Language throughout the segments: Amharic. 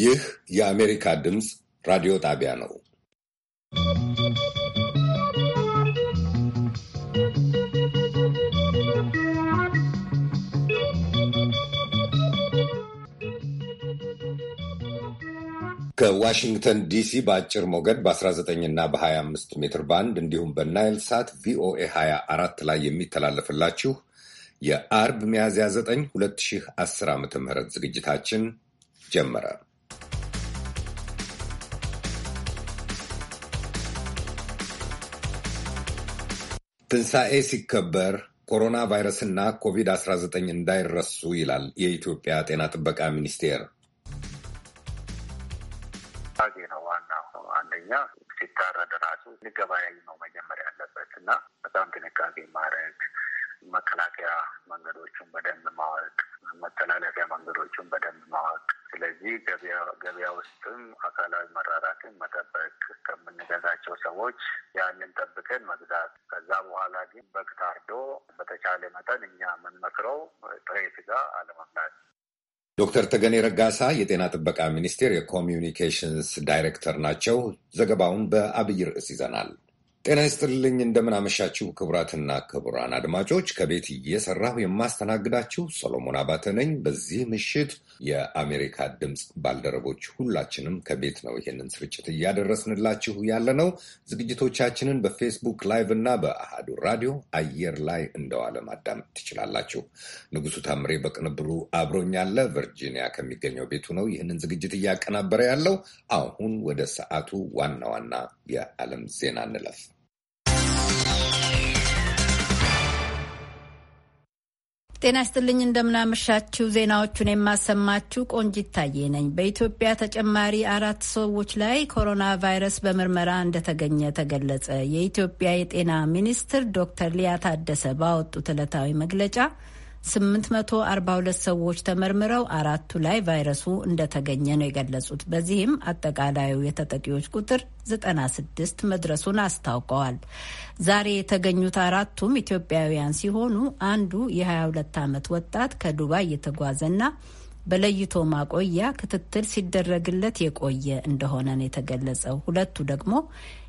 ይህ የአሜሪካ ድምፅ ራዲዮ ጣቢያ ነው። ከዋሽንግተን ዲሲ በአጭር ሞገድ በ19 እና በ25 ሜትር ባንድ እንዲሁም በናይል ሳት ቪኦኤ 24 ላይ የሚተላለፍላችሁ የአርብ ሚያዝያ 9 2010 ዓ ም ዝግጅታችን ጀመረ። ትንሣኤ ሲከበር ኮሮና ቫይረስና ኮቪድ-19 እንዳይረሱ ይላል የኢትዮጵያ ጤና ጥበቃ ሚኒስቴር። ነው ዋና አንደኛ ሲታረድ ራሱ ነው መጀመሪያ ያለበት እና በጣም ጥንቃቄ ማድረግ መከላከያ መንገዶቹን በደንብ ማወቅ፣ መተላለፊያ መንገዶቹን በደንብ ማወቅ ስለዚህ ገበያ ውስጥም አካላዊ መራራትን መጠበቅ ከምንገዛቸው ሰዎች ያንን ጠብቀን መግዛት። ከዛ በኋላ ግን በግ ታርዶ በተቻለ መጠን እኛ የምንመክረው ጥሬ ስጋ አለመብላት። ዶክተር ተገኔ ረጋሳ የጤና ጥበቃ ሚኒስቴር የኮሚዩኒኬሽንስ ዳይሬክተር ናቸው። ዘገባውን በአብይ ርዕስ ይዘናል። ጤና ይስጥልኝ እንደምን አመሻችሁ ክቡራትና ክቡራን አድማጮች ከቤት እየሰራሁ የማስተናግዳችሁ ሰሎሞን አባተ ነኝ። በዚህ ምሽት የአሜሪካ ድምፅ ባልደረቦች ሁላችንም ከቤት ነው ይህንን ስርጭት እያደረስንላችሁ ያለ ነው። ዝግጅቶቻችንን በፌስቡክ ላይቭ እና በአሃዱ ራዲዮ አየር ላይ እንደዋለ ማዳመጥ ትችላላችሁ። ንጉሱ ታምሬ በቅንብሩ አብሮኛለ። ቨርጂኒያ ከሚገኘው ቤቱ ነው ይህንን ዝግጅት እያቀናበረ ያለው። አሁን ወደ ሰዓቱ ዋና ዋና የዓለም ዜና እንለፍ። ጤና ይስጥልኝ እንደምናመሻችው ዜናዎቹን የማሰማችሁ ቆንጂት ታዬ ነኝ። በኢትዮጵያ ተጨማሪ አራት ሰዎች ላይ ኮሮና ቫይረስ በምርመራ እንደተገኘ ተገለጸ። የኢትዮጵያ የጤና ሚኒስትር ዶክተር ሊያ ታደሰ ባወጡት ዕለታዊ መግለጫ 842 ሰዎች ተመርምረው አራቱ ላይ ቫይረሱ እንደተገኘ ነው የገለጹት። በዚህም አጠቃላዩ የተጠቂዎች ቁጥር 96 መድረሱን አስታውቀዋል። ዛሬ የተገኙት አራቱም ኢትዮጵያውያን ሲሆኑ አንዱ የ22 ዓመት ወጣት ከዱባይ የተጓዘና በለይቶ ማቆያ ክትትል ሲደረግለት የቆየ እንደሆነ ነው የተገለጸው። ሁለቱ ደግሞ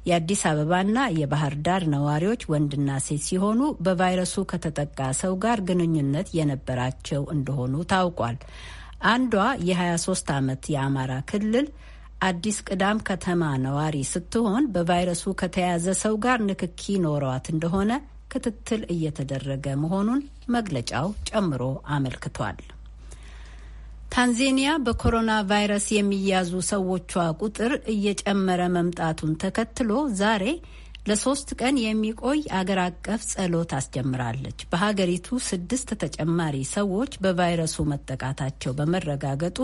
የአዲስ አበባና የባህር ዳር ነዋሪዎች ወንድና ሴት ሲሆኑ በቫይረሱ ከተጠቃ ሰው ጋር ግንኙነት የነበራቸው እንደሆኑ ታውቋል። አንዷ የ23 ዓመት የአማራ ክልል አዲስ ቅዳም ከተማ ነዋሪ ስትሆን በቫይረሱ ከተያዘ ሰው ጋር ንክኪ ኖረዋት እንደሆነ ክትትል እየተደረገ መሆኑን መግለጫው ጨምሮ አመልክቷል። ታንዜኒያ በኮሮና ቫይረስ የሚያዙ ሰዎቿ ቁጥር እየጨመረ መምጣቱን ተከትሎ ዛሬ ለሶስት ቀን የሚቆይ አገር አቀፍ ጸሎት አስጀምራለች። በሀገሪቱ ስድስት ተጨማሪ ሰዎች በቫይረሱ መጠቃታቸው በመረጋገጡ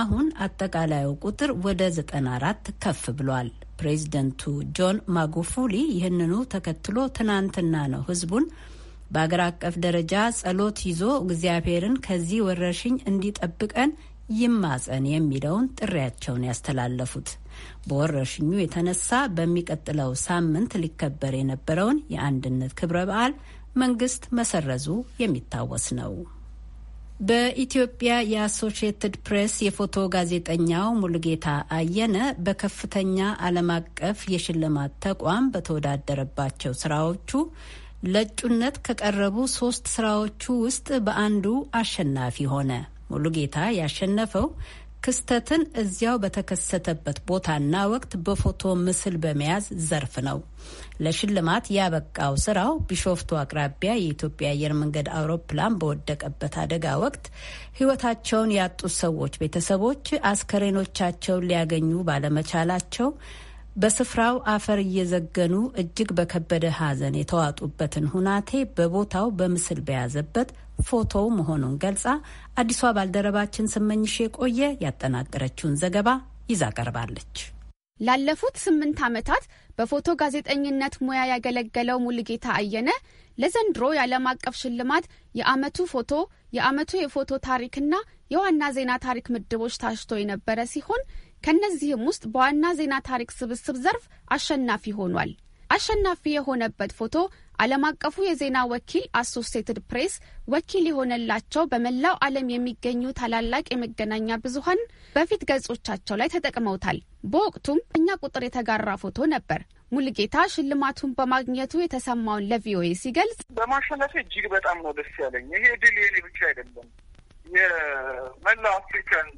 አሁን አጠቃላዩ ቁጥር ወደ 94 ከፍ ብሏል። ፕሬዚደንቱ ጆን ማጉፉሊ ይህንኑ ተከትሎ ትናንትና ነው ህዝቡን በአገር አቀፍ ደረጃ ጸሎት ይዞ እግዚአብሔርን ከዚህ ወረርሽኝ እንዲጠብቀን ይማጸን የሚለውን ጥሪያቸውን ያስተላለፉት በወረርሽኙ የተነሳ በሚቀጥለው ሳምንት ሊከበር የነበረውን የአንድነት ክብረ በዓል መንግስት መሰረዙ የሚታወስ ነው። በኢትዮጵያ የአሶሺየትድ ፕሬስ የፎቶ ጋዜጠኛው ሙሉጌታ አየነ በከፍተኛ ዓለም አቀፍ የሽልማት ተቋም በተወዳደረባቸው ስራዎቹ ለእጩነት ከቀረቡ ሶስት ስራዎቹ ውስጥ በአንዱ አሸናፊ ሆነ። ሙሉጌታ ያሸነፈው ክስተትን እዚያው በተከሰተበት ቦታና ወቅት በፎቶ ምስል በመያዝ ዘርፍ ነው። ለሽልማት ያበቃው ስራው ቢሾፍቱ አቅራቢያ የኢትዮጵያ አየር መንገድ አውሮፕላን በወደቀበት አደጋ ወቅት ሕይወታቸውን ያጡት ሰዎች ቤተሰቦች አስከሬኖቻቸውን ሊያገኙ ባለመቻላቸው በስፍራው አፈር እየዘገኑ እጅግ በከበደ ሐዘን የተዋጡበትን ሁናቴ በቦታው በምስል በያዘበት ፎቶ መሆኑን ገልጻ አዲሷ ባልደረባችን ስመኝሽ የቆየ ያጠናቀረችውን ዘገባ ይዛ ቀርባለች። ላለፉት ስምንት ዓመታት በፎቶ ጋዜጠኝነት ሙያ ያገለገለው ሙልጌታ አየነ ለዘንድሮ የዓለም አቀፍ ሽልማት የአመቱ ፎቶ፣ የአመቱ የፎቶ ታሪክና የዋና ዜና ታሪክ ምድቦች ታጭቶ የነበረ ሲሆን ከእነዚህም ውስጥ በዋና ዜና ታሪክ ስብስብ ዘርፍ አሸናፊ ሆኗል። አሸናፊ የሆነበት ፎቶ ዓለም አቀፉ የዜና ወኪል አሶሴትድ ፕሬስ ወኪል የሆነላቸው በመላው ዓለም የሚገኙ ታላላቅ የመገናኛ ብዙሀን በፊት ገጾቻቸው ላይ ተጠቅመውታል። በወቅቱም እኛ ቁጥር የተጋራ ፎቶ ነበር። ሙልጌታ ሽልማቱን በማግኘቱ የተሰማውን ለቪኦኤ ሲገልጽ በማሸነፍ እጅግ በጣም ነው ደስ ያለኝ። ይሄ ድል የኔ ብቻ አይደለም የመላው አፍሪካን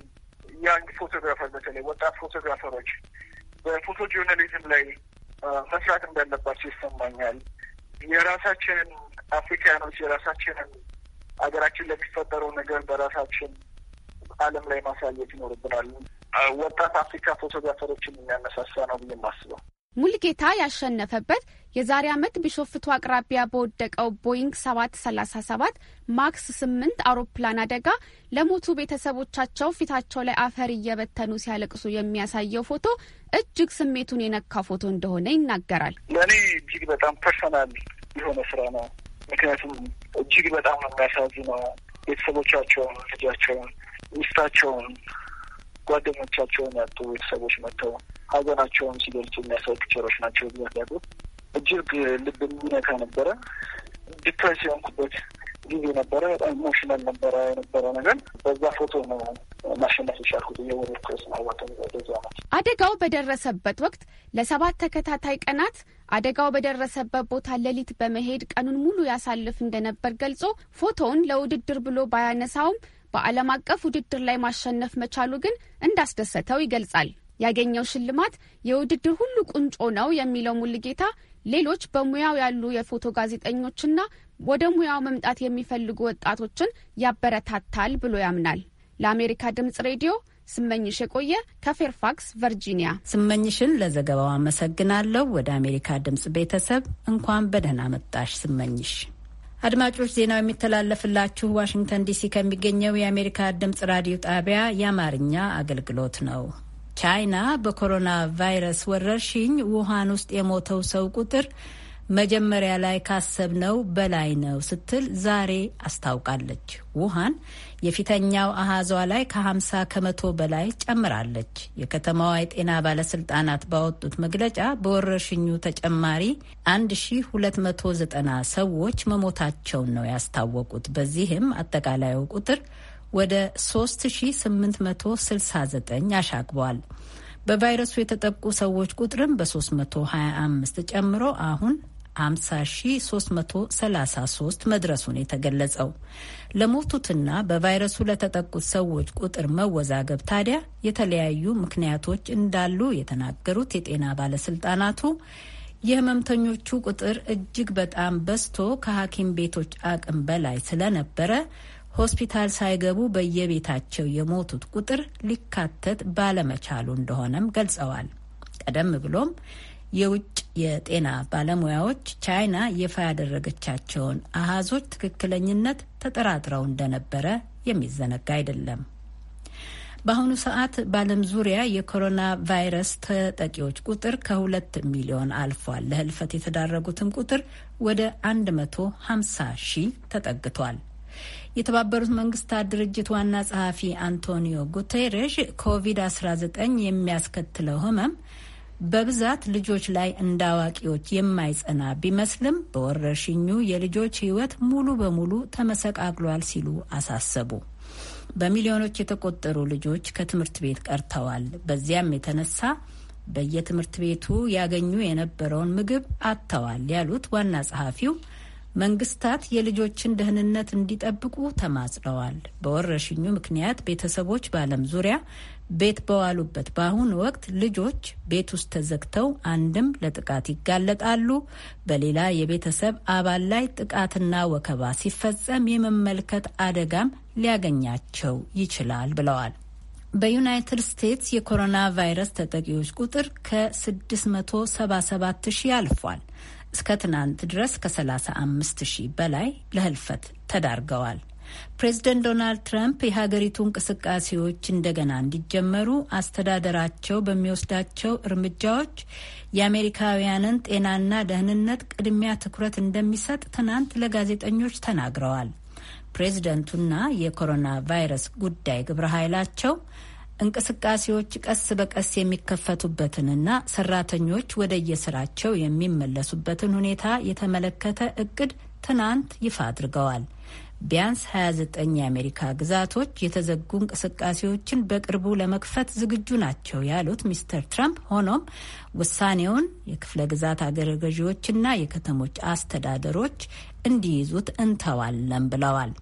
ያንግ ፎቶግራፈር በተለይ ወጣት ፎቶግራፈሮች በፎቶ ጆርናሊዝም ላይ መስራት እንዳለባቸው ይሰማኛል። የራሳችንን አፍሪካኖች የራሳችንን ሀገራችን ለሚፈጠረው ነገር በራሳችን ዓለም ላይ ማሳየት ይኖርብናል። ወጣት አፍሪካ ፎቶግራፈሮችን የሚያነሳሳ ነው ብዬ የማስበው ሙልጌታ ያሸነፈበት የዛሬ ዓመት ቢሾፍቱ አቅራቢያ በወደቀው ቦይንግ 737 ማክስ 8 አውሮፕላን አደጋ ለሞቱ ቤተሰቦቻቸው ፊታቸው ላይ አፈር እየበተኑ ሲያለቅሱ የሚያሳየው ፎቶ እጅግ ስሜቱን የነካ ፎቶ እንደሆነ ይናገራል። ለእኔ እጅግ በጣም ፐርሰናል የሆነ ስራ ነው። ምክንያቱም እጅግ በጣም ነው የሚያሳዝነው። ቤተሰቦቻቸውን፣ ልጃቸውን፣ ሚስታቸውን ጓደኞቻቸውን ያጡ ቤተሰቦች መጥተው ሀዘናቸውን ሲገልጹ የሚያሳይ ፒክቸሮች ናቸው ብዛት ያሉት እጅግ ልብ የሚነካ ነበረ። ዲፕሬስ የሆንኩበት ጊዜ ነበረ። በጣም ኢሞሽናል ነበረ የነበረ ነገር በዛ ፎቶ ነው ማሸነፍ የቻልኩት። የወር ፕሬስ ማዋተ ደዛ ነው። አደጋው በደረሰበት ወቅት ለሰባት ተከታታይ ቀናት አደጋው በደረሰበት ቦታ ሌሊት በመሄድ ቀኑን ሙሉ ያሳልፍ እንደነበር ገልጾ ፎቶውን ለውድድር ብሎ ባያነሳውም በዓለም አቀፍ ውድድር ላይ ማሸነፍ መቻሉ ግን እንዳስደሰተው ይገልጻል። ያገኘው ሽልማት የውድድር ሁሉ ቁንጮ ነው የሚለው ሙልጌታ ሌሎች በሙያው ያሉ የፎቶ ጋዜጠኞችና ወደ ሙያው መምጣት የሚፈልጉ ወጣቶችን ያበረታታል ብሎ ያምናል። ለአሜሪካ ድምጽ ሬዲዮ ስመኝሽ የቆየ ከፌርፋክስ ቨርጂኒያ። ስመኝሽን ለዘገባው አመሰግናለሁ። ወደ አሜሪካ ድምጽ ቤተሰብ እንኳን በደህና መጣሽ ስመኝሽ። አድማጮች ዜናው የሚተላለፍላችሁ ዋሽንግተን ዲሲ ከሚገኘው የአሜሪካ ድምጽ ራዲዮ ጣቢያ የአማርኛ አገልግሎት ነው። ቻይና በኮሮና ቫይረስ ወረርሽኝ ውሃን ውስጥ የሞተው ሰው ቁጥር መጀመሪያ ላይ ካሰብነው በላይ ነው ስትል ዛሬ አስታውቃለች። ውሃን የፊተኛው አሃዟ ላይ ከ50 ከመቶ በላይ ጨምራለች። የከተማዋ የጤና ባለስልጣናት ባወጡት መግለጫ በወረርሽኙ ተጨማሪ 1290 ሰዎች መሞታቸውን ነው ያስታወቁት። በዚህም አጠቃላዩ ቁጥር ወደ 3869 አሻግቧል። በቫይረሱ የተጠቁ ሰዎች ቁጥርም በ325 ጨምሮ አሁን 50333 መድረሱን የተገለጸው። ለሞቱትና በቫይረሱ ለተጠቁት ሰዎች ቁጥር መወዛገብ ታዲያ የተለያዩ ምክንያቶች እንዳሉ የተናገሩት የጤና ባለስልጣናቱ የህመምተኞቹ ቁጥር እጅግ በጣም በዝቶ ከሐኪም ቤቶች አቅም በላይ ስለነበረ ሆስፒታል ሳይገቡ በየቤታቸው የሞቱት ቁጥር ሊካተት ባለመቻሉ እንደሆነም ገልጸዋል። ቀደም ብሎም የውጭ የጤና ባለሙያዎች ቻይና ይፋ ያደረገቻቸውን አሃዞች ትክክለኝነት ተጠራጥረው እንደነበረ የሚዘነጋ አይደለም። በአሁኑ ሰዓት በዓለም ዙሪያ የኮሮና ቫይረስ ተጠቂዎች ቁጥር ከሁለት ሚሊዮን አልፏል። ለህልፈት የተዳረጉትም ቁጥር ወደ 150 ሺህ ተጠግቷል። የተባበሩት መንግስታት ድርጅት ዋና ጸሐፊ አንቶኒዮ ጉቴሬሽ ኮቪድ-19 የሚያስከትለው ህመም በብዛት ልጆች ላይ እንደ አዋቂዎች የማይጸና ቢመስልም በወረርሽኙ የልጆች ሕይወት ሙሉ በሙሉ ተመሰቃቅሏል ሲሉ አሳሰቡ። በሚሊዮኖች የተቆጠሩ ልጆች ከትምህርት ቤት ቀርተዋል። በዚያም የተነሳ በየትምህርት ቤቱ ያገኙ የነበረውን ምግብ አጥተዋል ያሉት ዋና ጸሐፊው መንግስታት የልጆችን ደህንነት እንዲጠብቁ ተማጽነዋል። በወረርሽኙ ምክንያት ቤተሰቦች በዓለም ዙሪያ ቤት በዋሉበት በአሁኑ ወቅት ልጆች ቤት ውስጥ ተዘግተው አንድም ለጥቃት ይጋለጣሉ፣ በሌላ የቤተሰብ አባል ላይ ጥቃትና ወከባ ሲፈጸም የመመልከት አደጋም ሊያገኛቸው ይችላል ብለዋል። በዩናይትድ ስቴትስ የኮሮና ቫይረስ ተጠቂዎች ቁጥር ከ677 ሺህ አልፏል። እስከ ትናንት ድረስ ከ35 ሺህ በላይ ለህልፈት ተዳርገዋል። ፕሬዝደንት ዶናልድ ትራምፕ የሀገሪቱ እንቅስቃሴዎች እንደገና እንዲጀመሩ አስተዳደራቸው በሚወስዳቸው እርምጃዎች የአሜሪካውያንን ጤናና ደህንነት ቅድሚያ ትኩረት እንደሚሰጥ ትናንት ለጋዜጠኞች ተናግረዋል። ፕሬዝደንቱና የኮሮና ቫይረስ ጉዳይ ግብረ ኃይላቸው እንቅስቃሴዎች ቀስ በቀስ የሚከፈቱበትንና ሰራተኞች ወደ የስራቸው የሚመለሱበትን ሁኔታ የተመለከተ እቅድ ትናንት ይፋ አድርገዋል። ቢያንስ 29 የአሜሪካ ግዛቶች የተዘጉ እንቅስቃሴዎችን በቅርቡ ለመክፈት ዝግጁ ናቸው ያሉት ሚስተር ትራምፕ፣ ሆኖም ውሳኔውን የክፍለ ግዛት አገረ ገዢዎችና የከተሞች አስተዳደሮች እንዲይዙት እንተዋለን ብለዋል።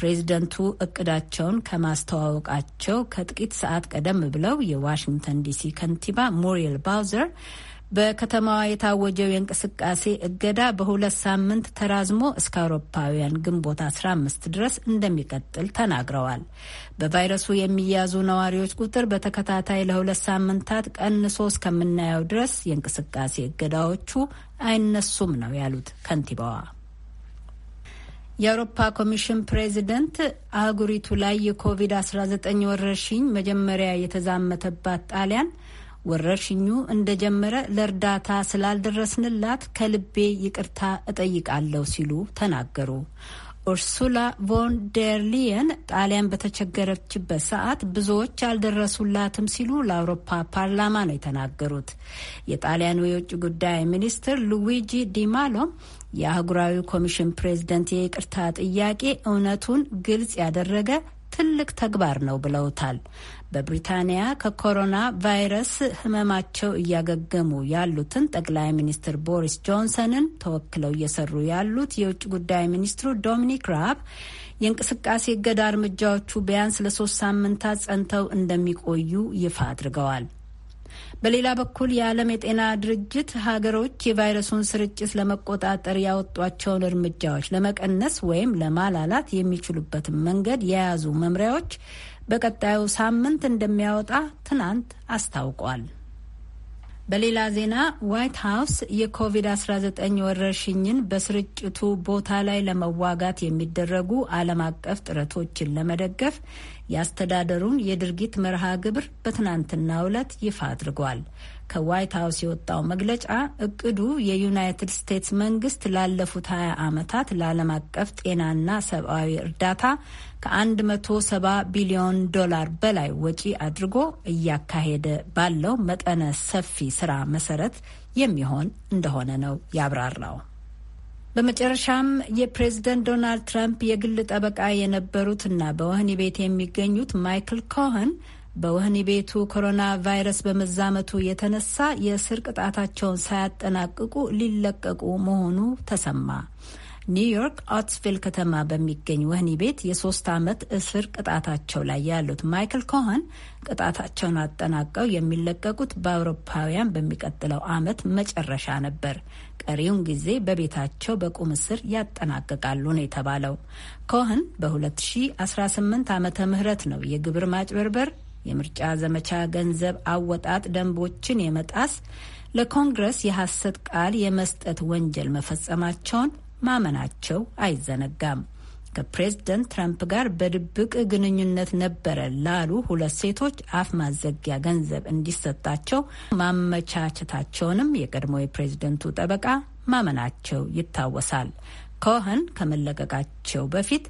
ፕሬዚደንቱ እቅዳቸውን ከማስተዋወቃቸው ከጥቂት ሰዓት ቀደም ብለው የዋሽንግተን ዲሲ ከንቲባ ሙሪየል ባውዘር በከተማዋ የታወጀው የእንቅስቃሴ እገዳ በሁለት ሳምንት ተራዝሞ እስከ አውሮፓውያን ግንቦት 15 ድረስ እንደሚቀጥል ተናግረዋል። በቫይረሱ የሚያዙ ነዋሪዎች ቁጥር በተከታታይ ለሁለት ሳምንታት ቀንሶ እስከምናየው ድረስ የእንቅስቃሴ እገዳዎቹ አይነሱም ነው ያሉት ከንቲባዋ። የአውሮፓ ኮሚሽን ፕሬዚደንት አህጉሪቱ ላይ የኮቪድ-19 ወረርሽኝ መጀመሪያ የተዛመተባት ጣሊያን ወረርሽኙ እንደጀመረ ለእርዳታ ስላልደረስንላት ከልቤ ይቅርታ እጠይቃለሁ ሲሉ ተናገሩ። ኡርሱላ ቮን ደር ሊየን ጣሊያን በተቸገረችበት ሰዓት ብዙዎች አልደረሱላትም ሲሉ ለአውሮፓ ፓርላማ ነው የተናገሩት። የጣሊያኑ የውጭ ጉዳይ ሚኒስትር ሉዊጂ ዲማሎም የአህጉራዊ ኮሚሽን ፕሬዝደንት የይቅርታ ጥያቄ እውነቱን ግልጽ ያደረገ ትልቅ ተግባር ነው ብለውታል። በብሪታንያ ከኮሮና ቫይረስ ህመማቸው እያገገሙ ያሉትን ጠቅላይ ሚኒስትር ቦሪስ ጆንሰንን ተወክለው እየሰሩ ያሉት የውጭ ጉዳይ ሚኒስትሩ ዶሚኒክ ራብ የእንቅስቃሴ እገዳ እርምጃዎቹ ቢያንስ ለሶስት ሳምንታት ጸንተው እንደሚቆዩ ይፋ አድርገዋል። በሌላ በኩል የዓለም የጤና ድርጅት ሀገሮች የቫይረሱን ስርጭት ለመቆጣጠር ያወጧቸውን እርምጃዎች ለመቀነስ ወይም ለማላላት የሚችሉበትን መንገድ የያዙ መምሪያዎች በቀጣዩ ሳምንት እንደሚያወጣ ትናንት አስታውቋል። በሌላ ዜና ዋይት ሀውስ የኮቪድ-19 ወረርሽኝን በስርጭቱ ቦታ ላይ ለመዋጋት የሚደረጉ ዓለም አቀፍ ጥረቶችን ለመደገፍ የአስተዳደሩን የድርጊት መርሃ ግብር በትናንትናው ዕለት ይፋ አድርጓል። ከዋይት ሀውስ የወጣው መግለጫ እቅዱ የዩናይትድ ስቴትስ መንግስት ላለፉት 20 ዓመታት ለዓለም አቀፍ ጤናና ሰብአዊ እርዳታ ከ170 ቢሊዮን ዶላር በላይ ወጪ አድርጎ እያካሄደ ባለው መጠነ ሰፊ ስራ መሰረት የሚሆን እንደሆነ ነው ያብራራው። በመጨረሻም የፕሬዝደንት ዶናልድ ትራምፕ የግል ጠበቃ የነበሩትና በወህኒ ቤት የሚገኙት ማይክል ኮኸን በወህኒ ቤቱ ኮሮና ቫይረስ በመዛመቱ የተነሳ የእስር ቅጣታቸውን ሳያጠናቅቁ ሊለቀቁ መሆኑ ተሰማ። ኒውዮርክ ኦትስቪል ከተማ በሚገኝ ወህኒ ቤት የሶስት ዓመት እስር ቅጣታቸው ላይ ያሉት ማይክል ኮኸን ቅጣታቸውን አጠናቀው የሚለቀቁት በአውሮፓውያን በሚቀጥለው ዓመት መጨረሻ ነበር። ቀሪውን ጊዜ በቤታቸው በቁም እስር ያጠናቅቃሉ ነው የተባለው። ኮህን በ2018 ዓመተ ምህረት ነው የግብር ማጭበርበር፣ የምርጫ ዘመቻ ገንዘብ አወጣጥ ደንቦችን የመጣስ ለኮንግረስ የሐሰት ቃል የመስጠት ወንጀል መፈጸማቸውን ማመናቸው አይዘነጋም። ከፕሬዝደንት ትራምፕ ጋር በድብቅ ግንኙነት ነበረ ላሉ ሁለት ሴቶች አፍ ማዘጊያ ገንዘብ እንዲሰጣቸው ማመቻቸታቸውንም የቀድሞ የፕሬዝደንቱ ጠበቃ ማመናቸው ይታወሳል። ኮኸን ከመለቀቃቸው በፊት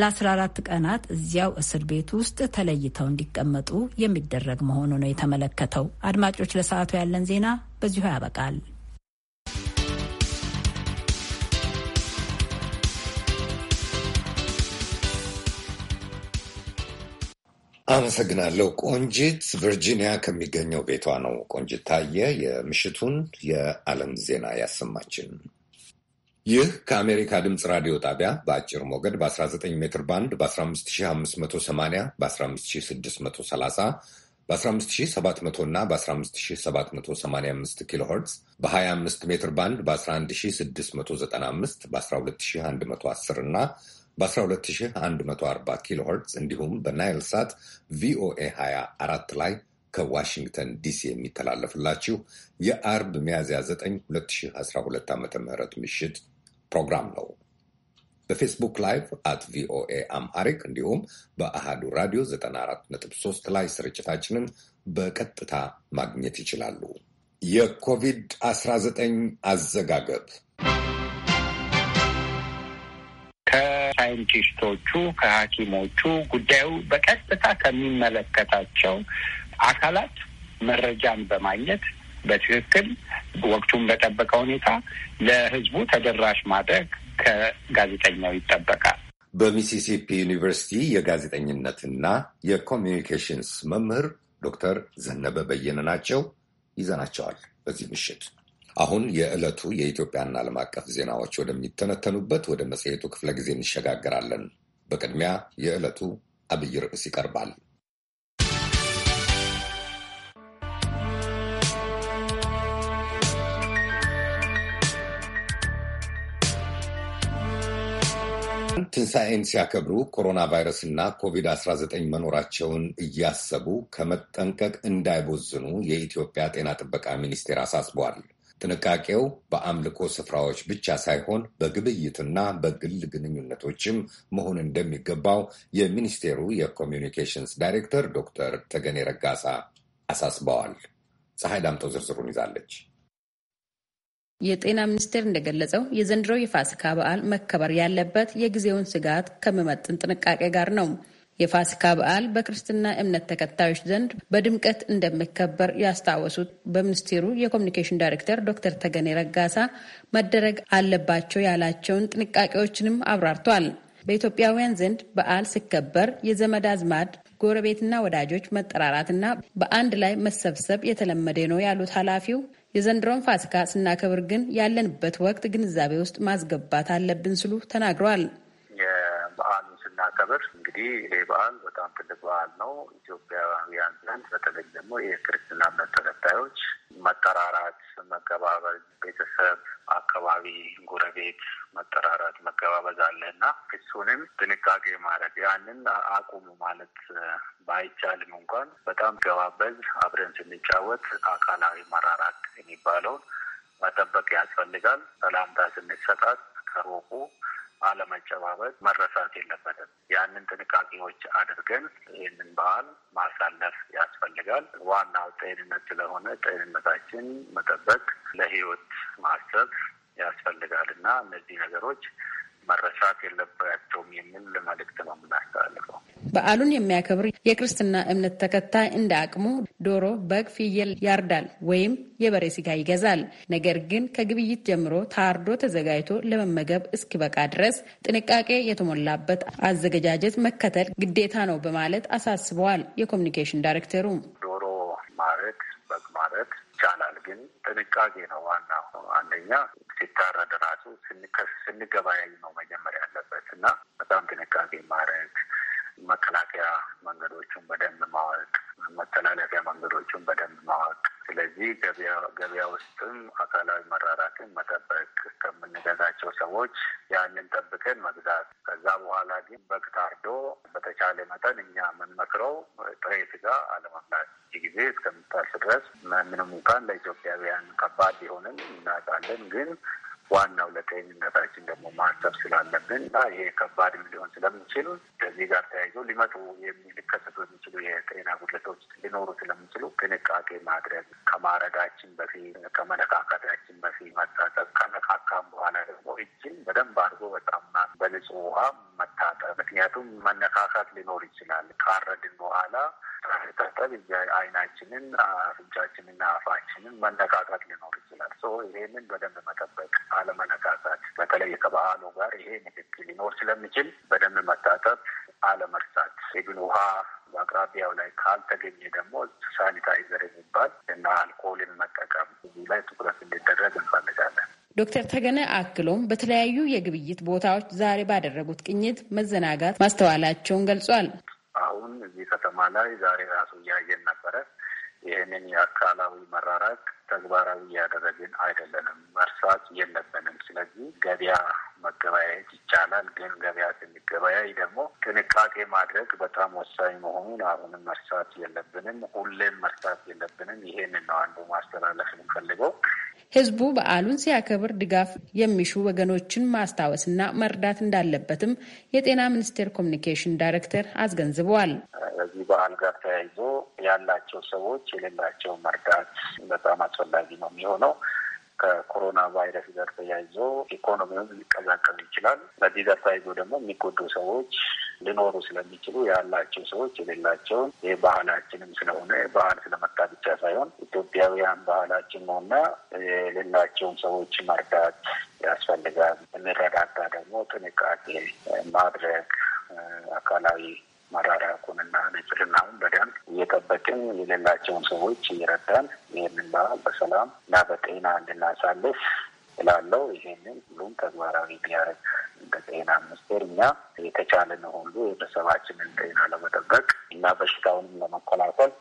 ለ14 ቀናት እዚያው እስር ቤት ውስጥ ተለይተው እንዲቀመጡ የሚደረግ መሆኑ ነው የተመለከተው። አድማጮች፣ ለሰዓቱ ያለን ዜና በዚሁ ያበቃል። አመሰግናለሁ ቆንጂት። ቨርጂኒያ ከሚገኘው ቤቷ ነው ቆንጂት ታየ የምሽቱን የዓለም ዜና ያሰማችን። ይህ ከአሜሪካ ድምፅ ራዲዮ ጣቢያ በአጭር ሞገድ በ19 ሜትር ባንድ በ15580 በ15630 በ15700 እና በ15785 ኪሎርስ በ25 ሜትር ባንድ በ11695 በ12110 እና በ12140 ኪሎ እንዲሁም በናይል ሳት ቪኦኤ 24 ላይ ከዋሽንግተን ዲሲ የሚተላለፍላችሁ የአርብ ሚያዝያ 9 2012 ዓ ም ምሽት ፕሮግራም ነው። በፌስቡክ ላይቭ አት ቪኦኤ አምሃሪክ እንዲሁም በአሃዱ ራዲዮ 943 ላይ ስርጭታችንን በቀጥታ ማግኘት ይችላሉ። የኮቪድ-19 አዘጋገብ ከሳይንቲስቶቹ፣ ከሐኪሞቹ ጉዳዩ በቀጥታ ከሚመለከታቸው አካላት መረጃን በማግኘት በትክክል ወቅቱን በጠበቀ ሁኔታ ለሕዝቡ ተደራሽ ማድረግ ከጋዜጠኛው ይጠበቃል። በሚሲሲፒ ዩኒቨርሲቲ የጋዜጠኝነትና የኮሚኒኬሽንስ መምህር ዶክተር ዘነበ በየነ ናቸው። ይዘናቸዋል በዚህ ምሽት አሁን የዕለቱ የኢትዮጵያና ዓለም አቀፍ ዜናዎች ወደሚተነተኑበት ወደ መጽሔቱ ክፍለ ጊዜ እንሸጋገራለን። በቅድሚያ የዕለቱ አብይ ርዕስ ይቀርባል። ትንሣኤን ሲያከብሩ ኮሮና ቫይረስና ኮቪድ-19 መኖራቸውን እያሰቡ ከመጠንቀቅ እንዳይቦዝኑ የኢትዮጵያ ጤና ጥበቃ ሚኒስቴር አሳስበዋል። ጥንቃቄው በአምልኮ ስፍራዎች ብቻ ሳይሆን በግብይትና በግል ግንኙነቶችም መሆን እንደሚገባው የሚኒስቴሩ የኮሚዩኒኬሽንስ ዳይሬክተር ዶክተር ተገኔ ረጋሳ አሳስበዋል። ፀሐይ ዳምጠው ዝርዝሩን ይዛለች። የጤና ሚኒስቴር እንደገለጸው የዘንድሮው የፋሲካ በዓል መከበር ያለበት የጊዜውን ስጋት ከሚመጥን ጥንቃቄ ጋር ነው። የፋሲካ በዓል በክርስትና እምነት ተከታዮች ዘንድ በድምቀት እንደሚከበር ያስታወሱት በሚኒስቴሩ የኮሚኒኬሽን ዳይሬክተር ዶክተር ተገኔ ረጋሳ መደረግ አለባቸው ያላቸውን ጥንቃቄዎችንም አብራርቷል። በኢትዮጵያውያን ዘንድ በዓል ሲከበር የዘመድ አዝማድ ጎረቤትና ወዳጆች መጠራራትና በአንድ ላይ መሰብሰብ የተለመደ ነው ያሉት ኃላፊው የዘንድሮን ፋሲካ ስናከብር ግን ያለንበት ወቅት ግንዛቤ ውስጥ ማስገባት አለብን ስሉ ተናግረዋል። የበዓሉን ስናከብር እንግዲህ ይሄ በዓል በጣም ትልቅ በዓል ነው። ኢትዮጵያውያን ዘንድ በተለይ ደግሞ የክርስትና እምነት ተከታዮች መጠራራት፣ መገባበዝ ቤተሰብ፣ አካባቢ፣ ጎረቤት መጠራራት፣ መገባበዝ አለ እና እሱንም ጥንቃቄ ማድረግ ያንን አቁሙ ማለት ባይቻልም እንኳን በጣም ገባበዝ አብረን ስንጫወት አካላዊ መራራት የሚባለውን መጠበቅ ያስፈልጋል። ሰላምታ ስንሰጣት ከሮቁ አለመጨባበጥ መረሳት የለበትም። ያንን ጥንቃቄዎች አድርገን ይህንን በዓል ማሳለፍ ያስፈልጋል። ዋናው ጤንነት ስለሆነ ጤንነታችን መጠበቅ ለህይወት ማሰብ ያስፈልጋል እና እነዚህ ነገሮች መረሳት የለባቸውም የሚል መልእክት ነው የምናስተላልፈው። በዓሉን የሚያከብር የክርስትና እምነት ተከታይ እንደ አቅሙ ዶሮ፣ በግ፣ ፍየል ያርዳል ወይም የበሬ ስጋ ይገዛል። ነገር ግን ከግብይት ጀምሮ ታርዶ ተዘጋጅቶ ለመመገብ እስኪበቃ ድረስ ጥንቃቄ የተሞላበት አዘገጃጀት መከተል ግዴታ ነው በማለት አሳስበዋል። የኮሚኒኬሽን ዳይሬክተሩ ዶሮ ማረግ በግ ማረግ ይቻላል፣ ግን ጥንቃቄ ነው ዋናው። አንደኛ ሲታረድ ራሱ ስንገበያይ ነው መጀመሪያ ያለበት እና በጣም ጥንቃቄ ማድረግ መከላከያ መንገዶቹን በደንብ ማወቅ፣ መተላለፊያ መንገዶቹን በደንብ ማወቅ። ስለዚህ ገበያ ውስጥም አካላዊ መራራትን መጠበቅ ከምንገዛቸው ሰዎች ያንን ጠብቀን መግዛት። ከዛ በኋላ ግን በግታርዶ በተቻለ መጠን እኛ የምንመክረው ጥሬ ስጋ አለመብላት ጊዜ እስከምታልፍ ድረስ ምንም እንኳን ለኢትዮጵያውያን ከባድ ቢሆንም እናውቃለን ግን ዋናው ለጤንነታችን ደግሞ ማሰብ ስላለብን እና ይሄ ከባድ ሊሆን ስለምንችል ከዚህ ጋር ተያይዞ ሊመጡ ሊከሰቱ የሚችሉ የጤና ጉድለቶች ሊኖሩ ስለምንችሉ ጥንቃቄ ማድረግ ከማረጋችን በፊት ከመነካካታችን በፊት መታጠብ፣ ከነካካም በኋላ ደግሞ እጅን በደንብ አድርጎ በጣምና በንጹህ ውሃ መታጠብ። ምክንያቱም መነካካት ሊኖር ይችላል ካረድን በኋላ ስታጠብ አይናችንን፣ አፍንጫችንና አፋችንን መነካካት ሊኖር ይችላል። ሶ ይሄንን በደንብ መጠበቅ አለመነቃቃት፣ በተለይ ከባህሉ ጋር ይሄ ንክኪ ሊኖር ስለሚችል በደንብ መታጠብ አለመርሳት፣ ኢብን ውሃ በአቅራቢያው ላይ ካልተገኘ ደግሞ ሳኒታይዘር የሚባል እና አልኮልን መጠቀም እዚህ ላይ ትኩረት እንዲደረግ እንፈልጋለን። ዶክተር ተገነ አክሎም በተለያዩ የግብይት ቦታዎች ዛሬ ባደረጉት ቅኝት መዘናጋት ማስተዋላቸውን ገልጿል። አሁን እዚህ ከተማ ላይ ዛሬ ራሱ እያየን ነበረ። ይህንን የአካላዊ መራራቅ ተግባራዊ እያደረግን አይደለንም። መርሳት የለብንም። ስለዚህ ገበያ መገበያየት ይቻላል፣ ግን ገበያ ስንገበያይ ደግሞ ጥንቃቄ ማድረግ በጣም ወሳኝ መሆኑን አሁንም መርሳት የለብንም። ሁሌም መርሳት የለብንም። ይሄንን ነው አንዱ ማስተላለፍ የምንፈልገው። ህዝቡ በዓሉን ሲያከብር ድጋፍ የሚሹ ወገኖችን ማስታወስና መርዳት እንዳለበትም የጤና ሚኒስቴር ኮሚኒኬሽን ዳይሬክተር አስገንዝበዋል። ከዚህ በዓል ጋር ተያይዞ ያላቸው ሰዎች የሌላቸው መርዳት በጣም አስፈላጊ ነው የሚሆነው ከኮሮና ቫይረስ ጋር ተያይዞ ኢኮኖሚውን ሊቀዛቀዝ ይችላል። በዚህ ጋር ተያይዞ ደግሞ የሚጎዱ ሰዎች ሊኖሩ ስለሚችሉ ያላቸው ሰዎች የሌላቸውን ይህ ባህላችንም ስለሆነ ባህል ስለመጣ ብቻ ሳይሆን ኢትዮጵያውያን ባህላችን ነውና የሌላቸውን ሰዎች መርዳት ያስፈልጋል። የሚረዳዳ ደግሞ ጥንቃቄ ማድረግ አካላዊ መራራቁንና ንጽህናውን በደንብ እየጠበቅን የሌላቸውን ሰዎች እየረዳን ይህንን በዓል በሰላም እና በጤና እንድናሳልፍ ስላለው ይሄንን ሁሉም ተግባራዊ ቢያደርግ እንደ ጤና ሚኒስቴር እኛ የተቻለን ሁሉ የቤተሰባችንን ጤና ለመጠበቅ እና በሽታውንም ለመከላከል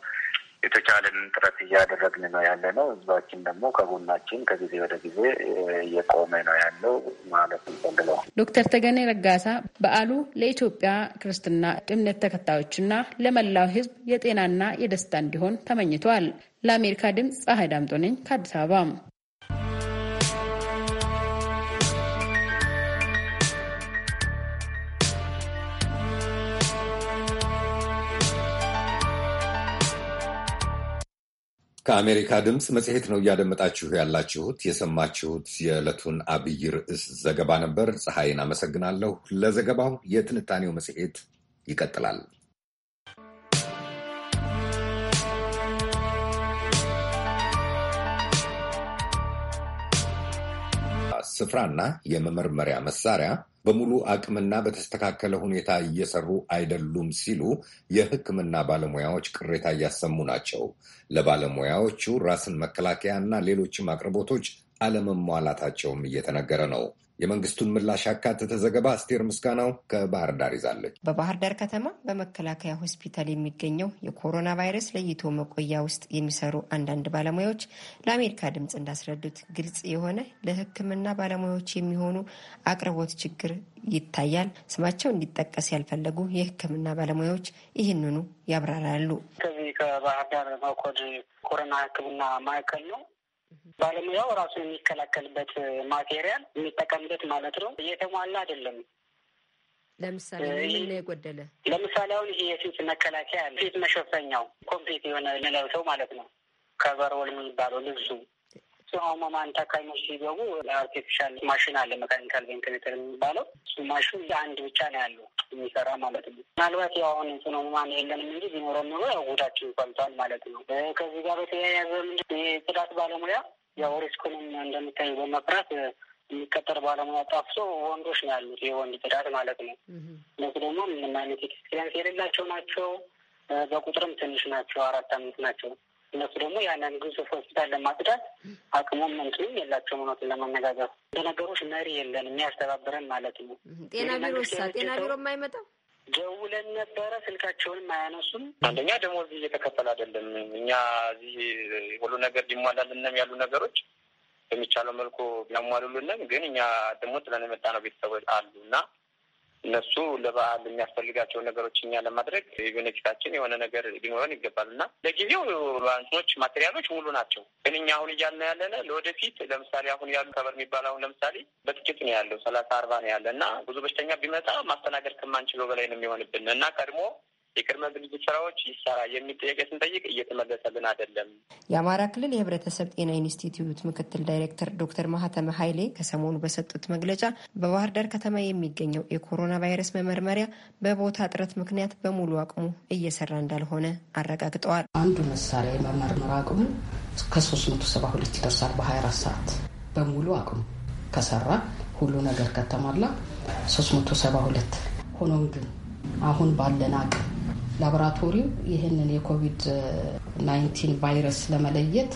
የተቻለንን ጥረት እያደረግን ነው ያለ ነው። ህዝባችን ደግሞ ከጎናችን ከጊዜ ወደ ጊዜ እየቆመ ነው ያለው ማለት እንፈልገዋል። ዶክተር ተገኔ ረጋሳ በዓሉ ለኢትዮጵያ ክርስትና እምነት ተከታዮችና ለመላው ህዝብ የጤናና የደስታ እንዲሆን ተመኝተዋል። ለአሜሪካ ድምፅ ፀሐይ ዳምጦ ነኝ ከአዲስ አበባ። ከአሜሪካ ድምፅ መጽሔት ነው እያደመጣችሁ ያላችሁት። የሰማችሁት የዕለቱን አብይ ርዕስ ዘገባ ነበር። ፀሐይን አመሰግናለሁ ለዘገባው። የትንታኔው መጽሔት ይቀጥላል። ስፍራና የመመርመሪያ መሳሪያ በሙሉ አቅምና በተስተካከለ ሁኔታ እየሰሩ አይደሉም ሲሉ የሕክምና ባለሙያዎች ቅሬታ እያሰሙ ናቸው። ለባለሙያዎቹ ራስን መከላከያ እና ሌሎችም አቅርቦቶች አለመሟላታቸውም እየተነገረ ነው። የመንግስቱን ምላሽ ያካተተ ዘገባ አስቴር ምስጋናው ከባህር ዳር ይዛለች። በባህር ዳር ከተማ በመከላከያ ሆስፒታል የሚገኘው የኮሮና ቫይረስ ለይቶ መቆያ ውስጥ የሚሰሩ አንዳንድ ባለሙያዎች ለአሜሪካ ድምፅ እንዳስረዱት ግልጽ የሆነ ለሕክምና ባለሙያዎች የሚሆኑ አቅርቦት ችግር ይታያል። ስማቸው እንዲጠቀስ ያልፈለጉ የሕክምና ባለሙያዎች ይህንኑ ያብራራሉ። ከዚህ ከባህር ዳር መኮድ ኮሮና ሕክምና ማዕከል ነው ባለሙያው ራሱ የሚከላከልበት ማቴሪያል የሚጠቀምበት ማለት ነው እየተሟላ አይደለም። ለምሳሌ ምን የጎደለ? ለምሳሌ አሁን ይሄ የፊት መከላከያ ፊት መሸፈኛው ኮምፕሊት የሆነ ልለብሰው ማለት ነው ከበሮል የሚባለው ልብሱ ህሙማን ታካሚዎች ሲገቡ አርቲፊሻል ማሽን አለ፣ መካኒካል ቬንትሌተር የሚባለው እሱ ማሽን አንድ ብቻ ነው ያለው የሚሰራ ማለት ነው። ምናልባት ያው አሁን ጽኑ ህሙማን የለንም እንጂ ቢኖረን ኑሮ ያው ጉዳችን ፈልቷል ማለት ነው። ከዚህ ጋር በተያያዘ ምንድን የጽዳት ባለሙያ ያው ሪስኩንም እንደሚታይ በመፍራት የሚቀጠር ባለሙያ ጣፍሶ ወንዶች ነው ያሉት፣ የወንድ ጽዳት ማለት ነው። እነሱ ደግሞ ምንም አይነት ኤክስፔሪንስ የሌላቸው ናቸው። በቁጥርም ትንሽ ናቸው። አራት አምስት ናቸው። እነሱ ደግሞ ያንን ግዙፍ ሆስፒታል ለማጽዳት አቅሙም እንትኑም የላቸውም። እውነቱን ለመነጋገር እንደነገሮች መሪ የለን የሚያስተባብረን ማለት ነው። ጤና ቢሮ ጤና ቢሮ የማይመጣ ደውለን ነበረ። ስልካቸውን አያነሱም። አንደኛ ደሞዝ እየተከፈለ አይደለም። እኛ እዚህ ሁሉ ነገር ሊሟላልንም ያሉ ነገሮች በሚቻለው መልኩ ቢያሟሉልንም ግን እኛ ደግሞ ጥለን የመጣ ነው ቤተሰቦች አሉ እና እነሱ ለበዓል የሚያስፈልጋቸውን ነገሮች እኛ ለማድረግ የቤኔፊታችን የሆነ ነገር ሊኖረን ይገባል እና ለጊዜው ባንኖች ማቴሪያሎች ሙሉ ናቸው። ግን እኛ አሁን እያልን ያለነ ለወደፊት ለምሳሌ አሁን ያሉ ከበር የሚባል አሁን ለምሳሌ በጥቂት ነው ያለው ሰላሳ አርባ ነው ያለ እና ብዙ በሽተኛ ቢመጣ ማስተናገድ ከማንችለው በላይ ነው የሚሆንብን እና ቀድሞ የቅድመ ዝግጅት ስራዎች ይሰራ የሚል ጥያቄ ስንጠይቅ እየተመለሰልን አይደለም። የአማራ ክልል የህብረተሰብ ጤና ኢንስቲትዩት ምክትል ዳይሬክተር ዶክተር ማህተመ ኃይሌ ከሰሞኑ በሰጡት መግለጫ በባህር ዳር ከተማ የሚገኘው የኮሮና ቫይረስ መመርመሪያ በቦታ እጥረት ምክንያት በሙሉ አቅሙ እየሰራ እንዳልሆነ አረጋግጠዋል። አንዱ መሳሪያ የመመርመር አቅሙ ከሶስት መቶ ሰባ ሁለት ይደርሳል በ24 ሰዓት በሙሉ አቅሙ ከሰራ ሁሉ ነገር ከተሟላ ሶስት መቶ ሰባ ሁለት ሆኖም ግን አሁን ባለን አቅም ላቦራቶሪው ይህንን የኮቪድ ናይንቲን ቫይረስ ለመለየት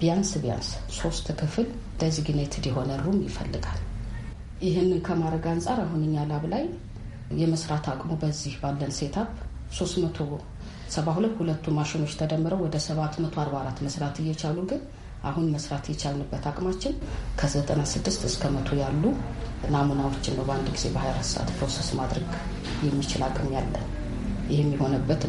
ቢያንስ ቢያንስ ሶስት ክፍል ዴዚግኔትድ የሆነ ሩም ይፈልጋል። ይህንን ከማድረግ አንጻር አሁን እኛ ላብ ላይ የመስራት አቅሙ በዚህ ባለን ሴታፕ 372 ሁለቱ ማሽኖች ተደምረው ወደ 744 መስራት እየቻሉ ግን አሁን መስራት የቻልንበት አቅማችን ከ96 እስከ መቶ ያሉ ናሙናዎችን ነው በአንድ ጊዜ በ24 ሰዓት ፕሮሰስ ማድረግ የሚችል አቅም ያለን ይህም የሆነበት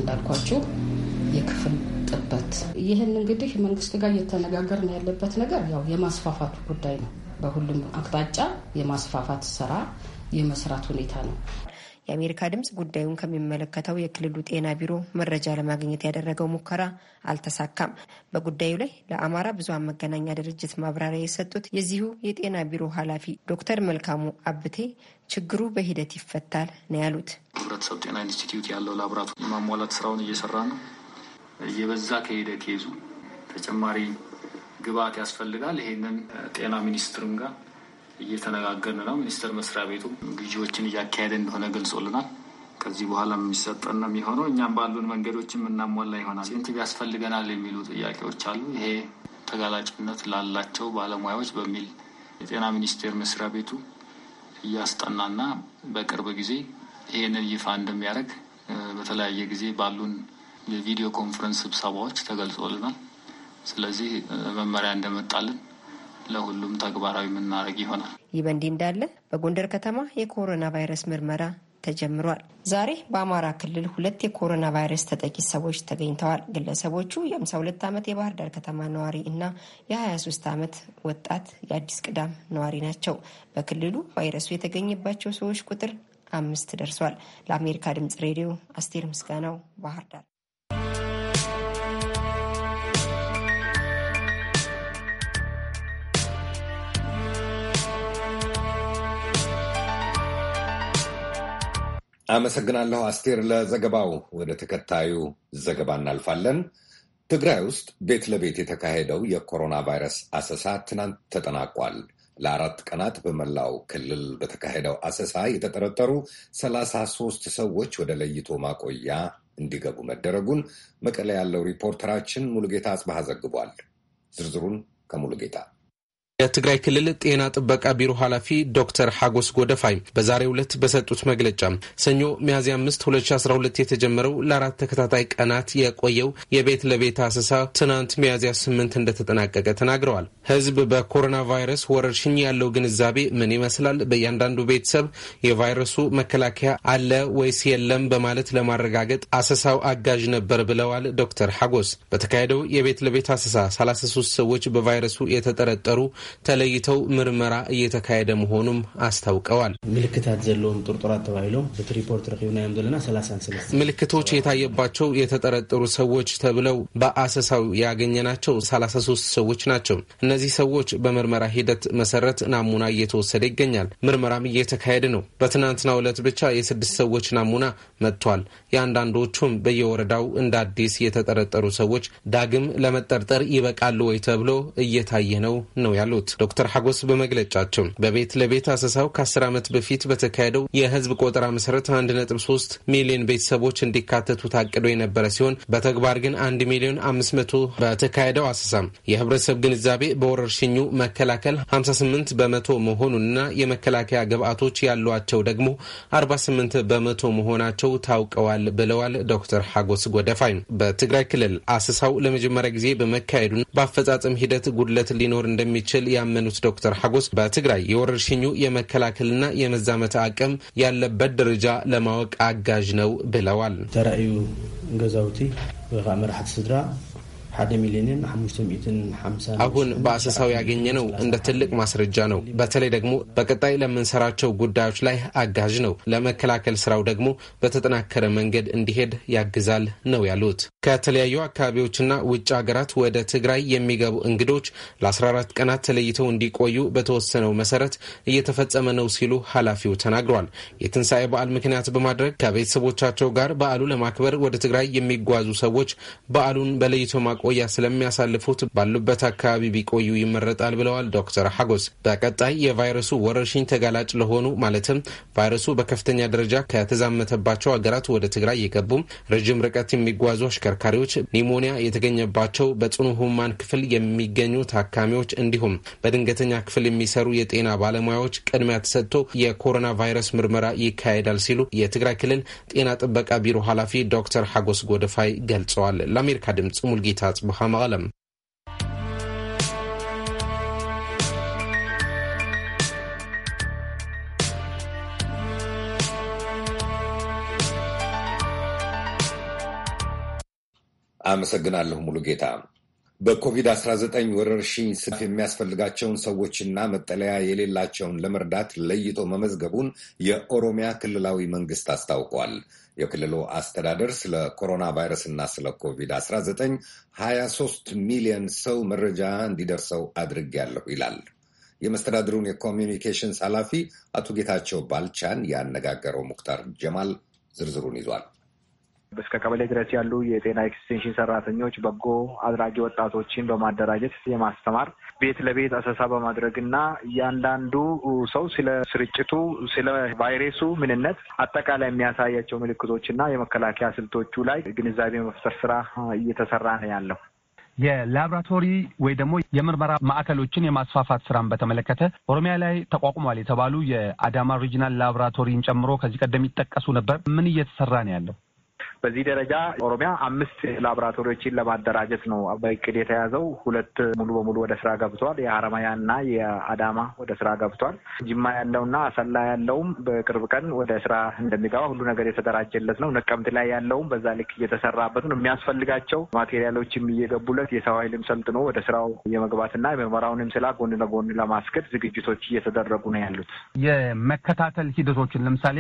የክፍል ጥበት። ይህን እንግዲህ መንግስት ጋር ነው ያለበት ነገር ያው የማስፋፋቱ ጉዳይ ነው። በሁሉም አቅጣጫ የማስፋፋት ስራ የመስራት ሁኔታ ነው። የአሜሪካ ድምፅ ጉዳዩን ከሚመለከተው የክልሉ ጤና ቢሮ መረጃ ለማግኘት ያደረገው ሙከራ አልተሳካም። በጉዳዩ ላይ ለአማራ ብዙሃን መገናኛ ድርጅት ማብራሪያ የሰጡት የዚሁ የጤና ቢሮ ኃላፊ ዶክተር መልካሙ አብቴ ችግሩ በሂደት ይፈታል ነው ያሉት። ህብረተሰብ ጤና ኢንስቲትዩት ያለው ላቦራቶሪ ማሟላት ስራውን እየሰራ ነው። እየበዛ ከሄደ ኬዙ ተጨማሪ ግብአት ያስፈልጋል። ይሄንን ጤና ሚኒስትርም ጋር እየተነጋገርን ነው። ሚኒስቴር መስሪያ ቤቱ ግዢዎችን እያካሄደ እንደሆነ ገልጾልናል። ከዚህ በኋላ የሚሰጠን ነው የሚሆነው። እኛም ባሉን መንገዶችም የምናሟላ ይሆናል። ሴንቲቭ ያስፈልገናል የሚሉ ጥያቄዎች አሉ። ይሄ ተጋላጭነት ላላቸው ባለሙያዎች በሚል የጤና ሚኒስቴር መስሪያ ቤቱ እያስጠናና በቅርብ ጊዜ ይህንን ይፋ እንደሚያደርግ በተለያየ ጊዜ ባሉን የቪዲዮ ኮንፈረንስ ስብሰባዎች ተገልጾልናል። ስለዚህ መመሪያ እንደመጣልን ለሁሉም ተግባራዊ የምናደርግ ይሆናል። ይህ በእንዲህ እንዳለ በጎንደር ከተማ የኮሮና ቫይረስ ምርመራ ተጀምሯል። ዛሬ በአማራ ክልል ሁለት የኮሮና ቫይረስ ተጠቂ ሰዎች ተገኝተዋል። ግለሰቦቹ የ52 ዓመት የባህር ዳር ከተማ ነዋሪ እና የ23 ዓመት ወጣት የአዲስ ቅዳም ነዋሪ ናቸው። በክልሉ ቫይረሱ የተገኘባቸው ሰዎች ቁጥር አምስት ደርሷል። ለአሜሪካ ድምጽ ሬዲዮ አስቴር ምስጋናው ባህር ዳር አመሰግናለሁ አስቴር ለዘገባው። ወደ ተከታዩ ዘገባ እናልፋለን። ትግራይ ውስጥ ቤት ለቤት የተካሄደው የኮሮና ቫይረስ አሰሳ ትናንት ተጠናቋል። ለአራት ቀናት በመላው ክልል በተካሄደው አሰሳ የተጠረጠሩ ሰላሳ ሶስት ሰዎች ወደ ለይቶ ማቆያ እንዲገቡ መደረጉን መቀለ ያለው ሪፖርተራችን ሙሉጌታ አጽባሃ ዘግቧል። ዝርዝሩን ከሙሉጌታ የትግራይ ክልል ጤና ጥበቃ ቢሮ ኃላፊ ዶክተር ሐጎስ ጎደፋይ በዛሬው ዕለት በሰጡት መግለጫ ሰኞ ሚያዝያ 5 2012 የተጀመረው ለአራት ተከታታይ ቀናት የቆየው የቤት ለቤት አሰሳ ትናንት ሚያዝያ 8 እንደተጠናቀቀ ተናግረዋል። ህዝብ በኮሮና ቫይረስ ወረርሽኝ ያለው ግንዛቤ ምን ይመስላል? በእያንዳንዱ ቤተሰብ የቫይረሱ መከላከያ አለ ወይስ የለም? በማለት ለማረጋገጥ አሰሳው አጋዥ ነበር ብለዋል ዶክተር ሐጎስ። በተካሄደው የቤት ለቤት አሰሳ 33 ሰዎች በቫይረሱ የተጠረጠሩ ተለይተው ምርመራ እየተካሄደ መሆኑም አስታውቀዋል። ምልክታት ዘለውም ጥርጡራት ተባሂሎም በቲ ሪፖርት ረኪብና ዮም ዘለና ምልክቶች የታየባቸው የተጠረጠሩ ሰዎች ተብለው በአሰሳው ያገኘናቸው 33 ሰዎች ናቸው። እነዚህ ሰዎች በምርመራ ሂደት መሰረት ናሙና እየተወሰደ ይገኛል። ምርመራም እየተካሄደ ነው። በትናንትናው ዕለት ብቻ የስድስት ሰዎች ናሙና መጥቷል። የአንዳንዶቹም በየወረዳው እንደ አዲስ የተጠረጠሩ ሰዎች ዳግም ለመጠርጠር ይበቃሉ ወይ ተብሎ እየታየ ነው ነው ያሉት። ያሉት ዶክተር ሐጎስ በመግለጫቸው በቤት ለቤት አሰሳው ከአስር ዓመት በፊት በተካሄደው የህዝብ ቆጠራ መሰረት 1.3 ሚሊዮን ቤተሰቦች እንዲካተቱ ታቅዶ የነበረ ሲሆን በተግባር ግን 1 ሚሊዮን 500 በተካሄደው አሰሳም የህብረተሰብ ግንዛቤ በወረርሽኙ መከላከል 58 በመቶ መሆኑንና የመከላከያ ግብዓቶች ያሏቸው ደግሞ 48 በመቶ መሆናቸው ታውቀዋል ብለዋል ዶክተር ሐጎስ ጎደፋይ። በትግራይ ክልል አስሳው ለመጀመሪያ ጊዜ በመካሄዱን በአፈጻጸም ሂደት ጉድለት ሊኖር እንደሚችል ያመኑት ዶክተር ሐጎስ በትግራይ የወረርሽኙ የመከላከልና የመዛመት አቅም ያለበት ደረጃ ለማወቅ አጋዥ ነው ብለዋል ተራእዩ ገዛውቲ ወይ ከዓ መራሕቲ ስድራ አሁን በአሰሳው ነው እንደ ትልቅ ማስረጃ ነው። በተለይ ደግሞ በቀጣይ ለምንሰራቸው ጉዳዮች ላይ አጋዥ ነው። ለመከላከል ስራው ደግሞ በተጠናከረ መንገድ እንዲሄድ ያግዛል ነው ያሉት። ከተለያዩ አካባቢዎችና ውጭ ሀገራት ወደ ትግራይ የሚገቡ እንግዶች ለ14 ቀናት ተለይተው እንዲቆዩ በተወሰነው መሰረት እየተፈጸመ ነው ሲሉ ኃላፊው ተናግሯል። የትንሣኤ በዓል ምክንያት በማድረግ ከቤተሰቦቻቸው ጋር በዓሉ ለማክበር ወደ ትግራይ የሚጓዙ ሰዎች በዓሉን በለይቶ ማቆ ማቆያ ስለሚያሳልፉት ባሉበት አካባቢ ቢቆዩ ይመረጣል ብለዋል ዶክተር ሐጎስ። በቀጣይ የቫይረሱ ወረርሽኝ ተጋላጭ ለሆኑ ማለትም ቫይረሱ በከፍተኛ ደረጃ ከተዛመተባቸው ሀገራት ወደ ትግራይ የገቡ ረዥም ርቀት የሚጓዙ አሽከርካሪዎች፣ ኒሞኒያ የተገኘባቸው በጽኑ ህሙማን ክፍል የሚገኙ ታካሚዎች እንዲሁም በድንገተኛ ክፍል የሚሰሩ የጤና ባለሙያዎች ቅድሚያ ተሰጥቶ የኮሮና ቫይረስ ምርመራ ይካሄዳል ሲሉ የትግራይ ክልል ጤና ጥበቃ ቢሮ ኃላፊ ዶክተር ሐጎስ ጎደፋይ ገልጸዋል። ለአሜሪካ ድምጽ ሙልጌታ አጽብሃ መቐለም አመሰግናለሁ ሙሉ ጌታ። በኮቪድ-19 ወረርሽኝ ስፍ የሚያስፈልጋቸውን ሰዎችና መጠለያ የሌላቸውን ለመርዳት ለይቶ መመዝገቡን የኦሮሚያ ክልላዊ መንግስት አስታውቋል። የክልሉ አስተዳደር ስለ ኮሮና ቫይረስ እና ስለ ኮቪድ-19 23 ሚሊዮን ሰው መረጃ እንዲደርሰው አድርጌያለሁ ይላል። የመስተዳድሩን የኮሚኒኬሽንስ ኃላፊ አቶ ጌታቸው ባልቻን ያነጋገረው ሙክታር ጀማል ዝርዝሩን ይዟል። እስከ ቀበሌ ድረስ ያሉ የጤና ኤክስቴንሽን ሰራተኞች በጎ አድራጊ ወጣቶችን በማደራጀት የማስተማር ቤት ለቤት አሰሳ በማድረግ እና እያንዳንዱ ሰው ስለ ስርጭቱ፣ ስለ ቫይረሱ ምንነት አጠቃላይ የሚያሳያቸው ምልክቶች እና የመከላከያ ስልቶቹ ላይ ግንዛቤ መፍጠር ስራ እየተሰራ ነው ያለው። የላብራቶሪ ወይ ደግሞ የምርመራ ማዕከሎችን የማስፋፋት ስራን በተመለከተ ኦሮሚያ ላይ ተቋቁሟል የተባሉ የአዳማ ሪጂናል ላብራቶሪን ጨምሮ ከዚህ ቀደም ይጠቀሱ ነበር። ምን እየተሰራ ነው ያለው? በዚህ ደረጃ ኦሮሚያ አምስት ላቦራቶሪዎችን ለማደራጀት ነው በእቅድ የተያዘው። ሁለት ሙሉ በሙሉ ወደ ስራ ገብቷል። የሀረማያ እና የአዳማ ወደ ስራ ገብቷል። ጅማ ያለውና አሰላ ያለውም በቅርብ ቀን ወደ ስራ እንደሚገባ ሁሉ ነገር የተደራጀለት ነው። ነቀምት ላይ ያለውም በዛ ልክ እየተሰራበት ነው። የሚያስፈልጋቸው ማቴሪያሎችም እየገቡለት የሰው ኃይልም ሰልጥኖ ወደ ስራው የመግባትና የምርመራውንም ስላ ጎን ለጎን ለማስገድ ዝግጅቶች እየተደረጉ ነው ያሉት። የመከታተል ሂደቶችን ለምሳሌ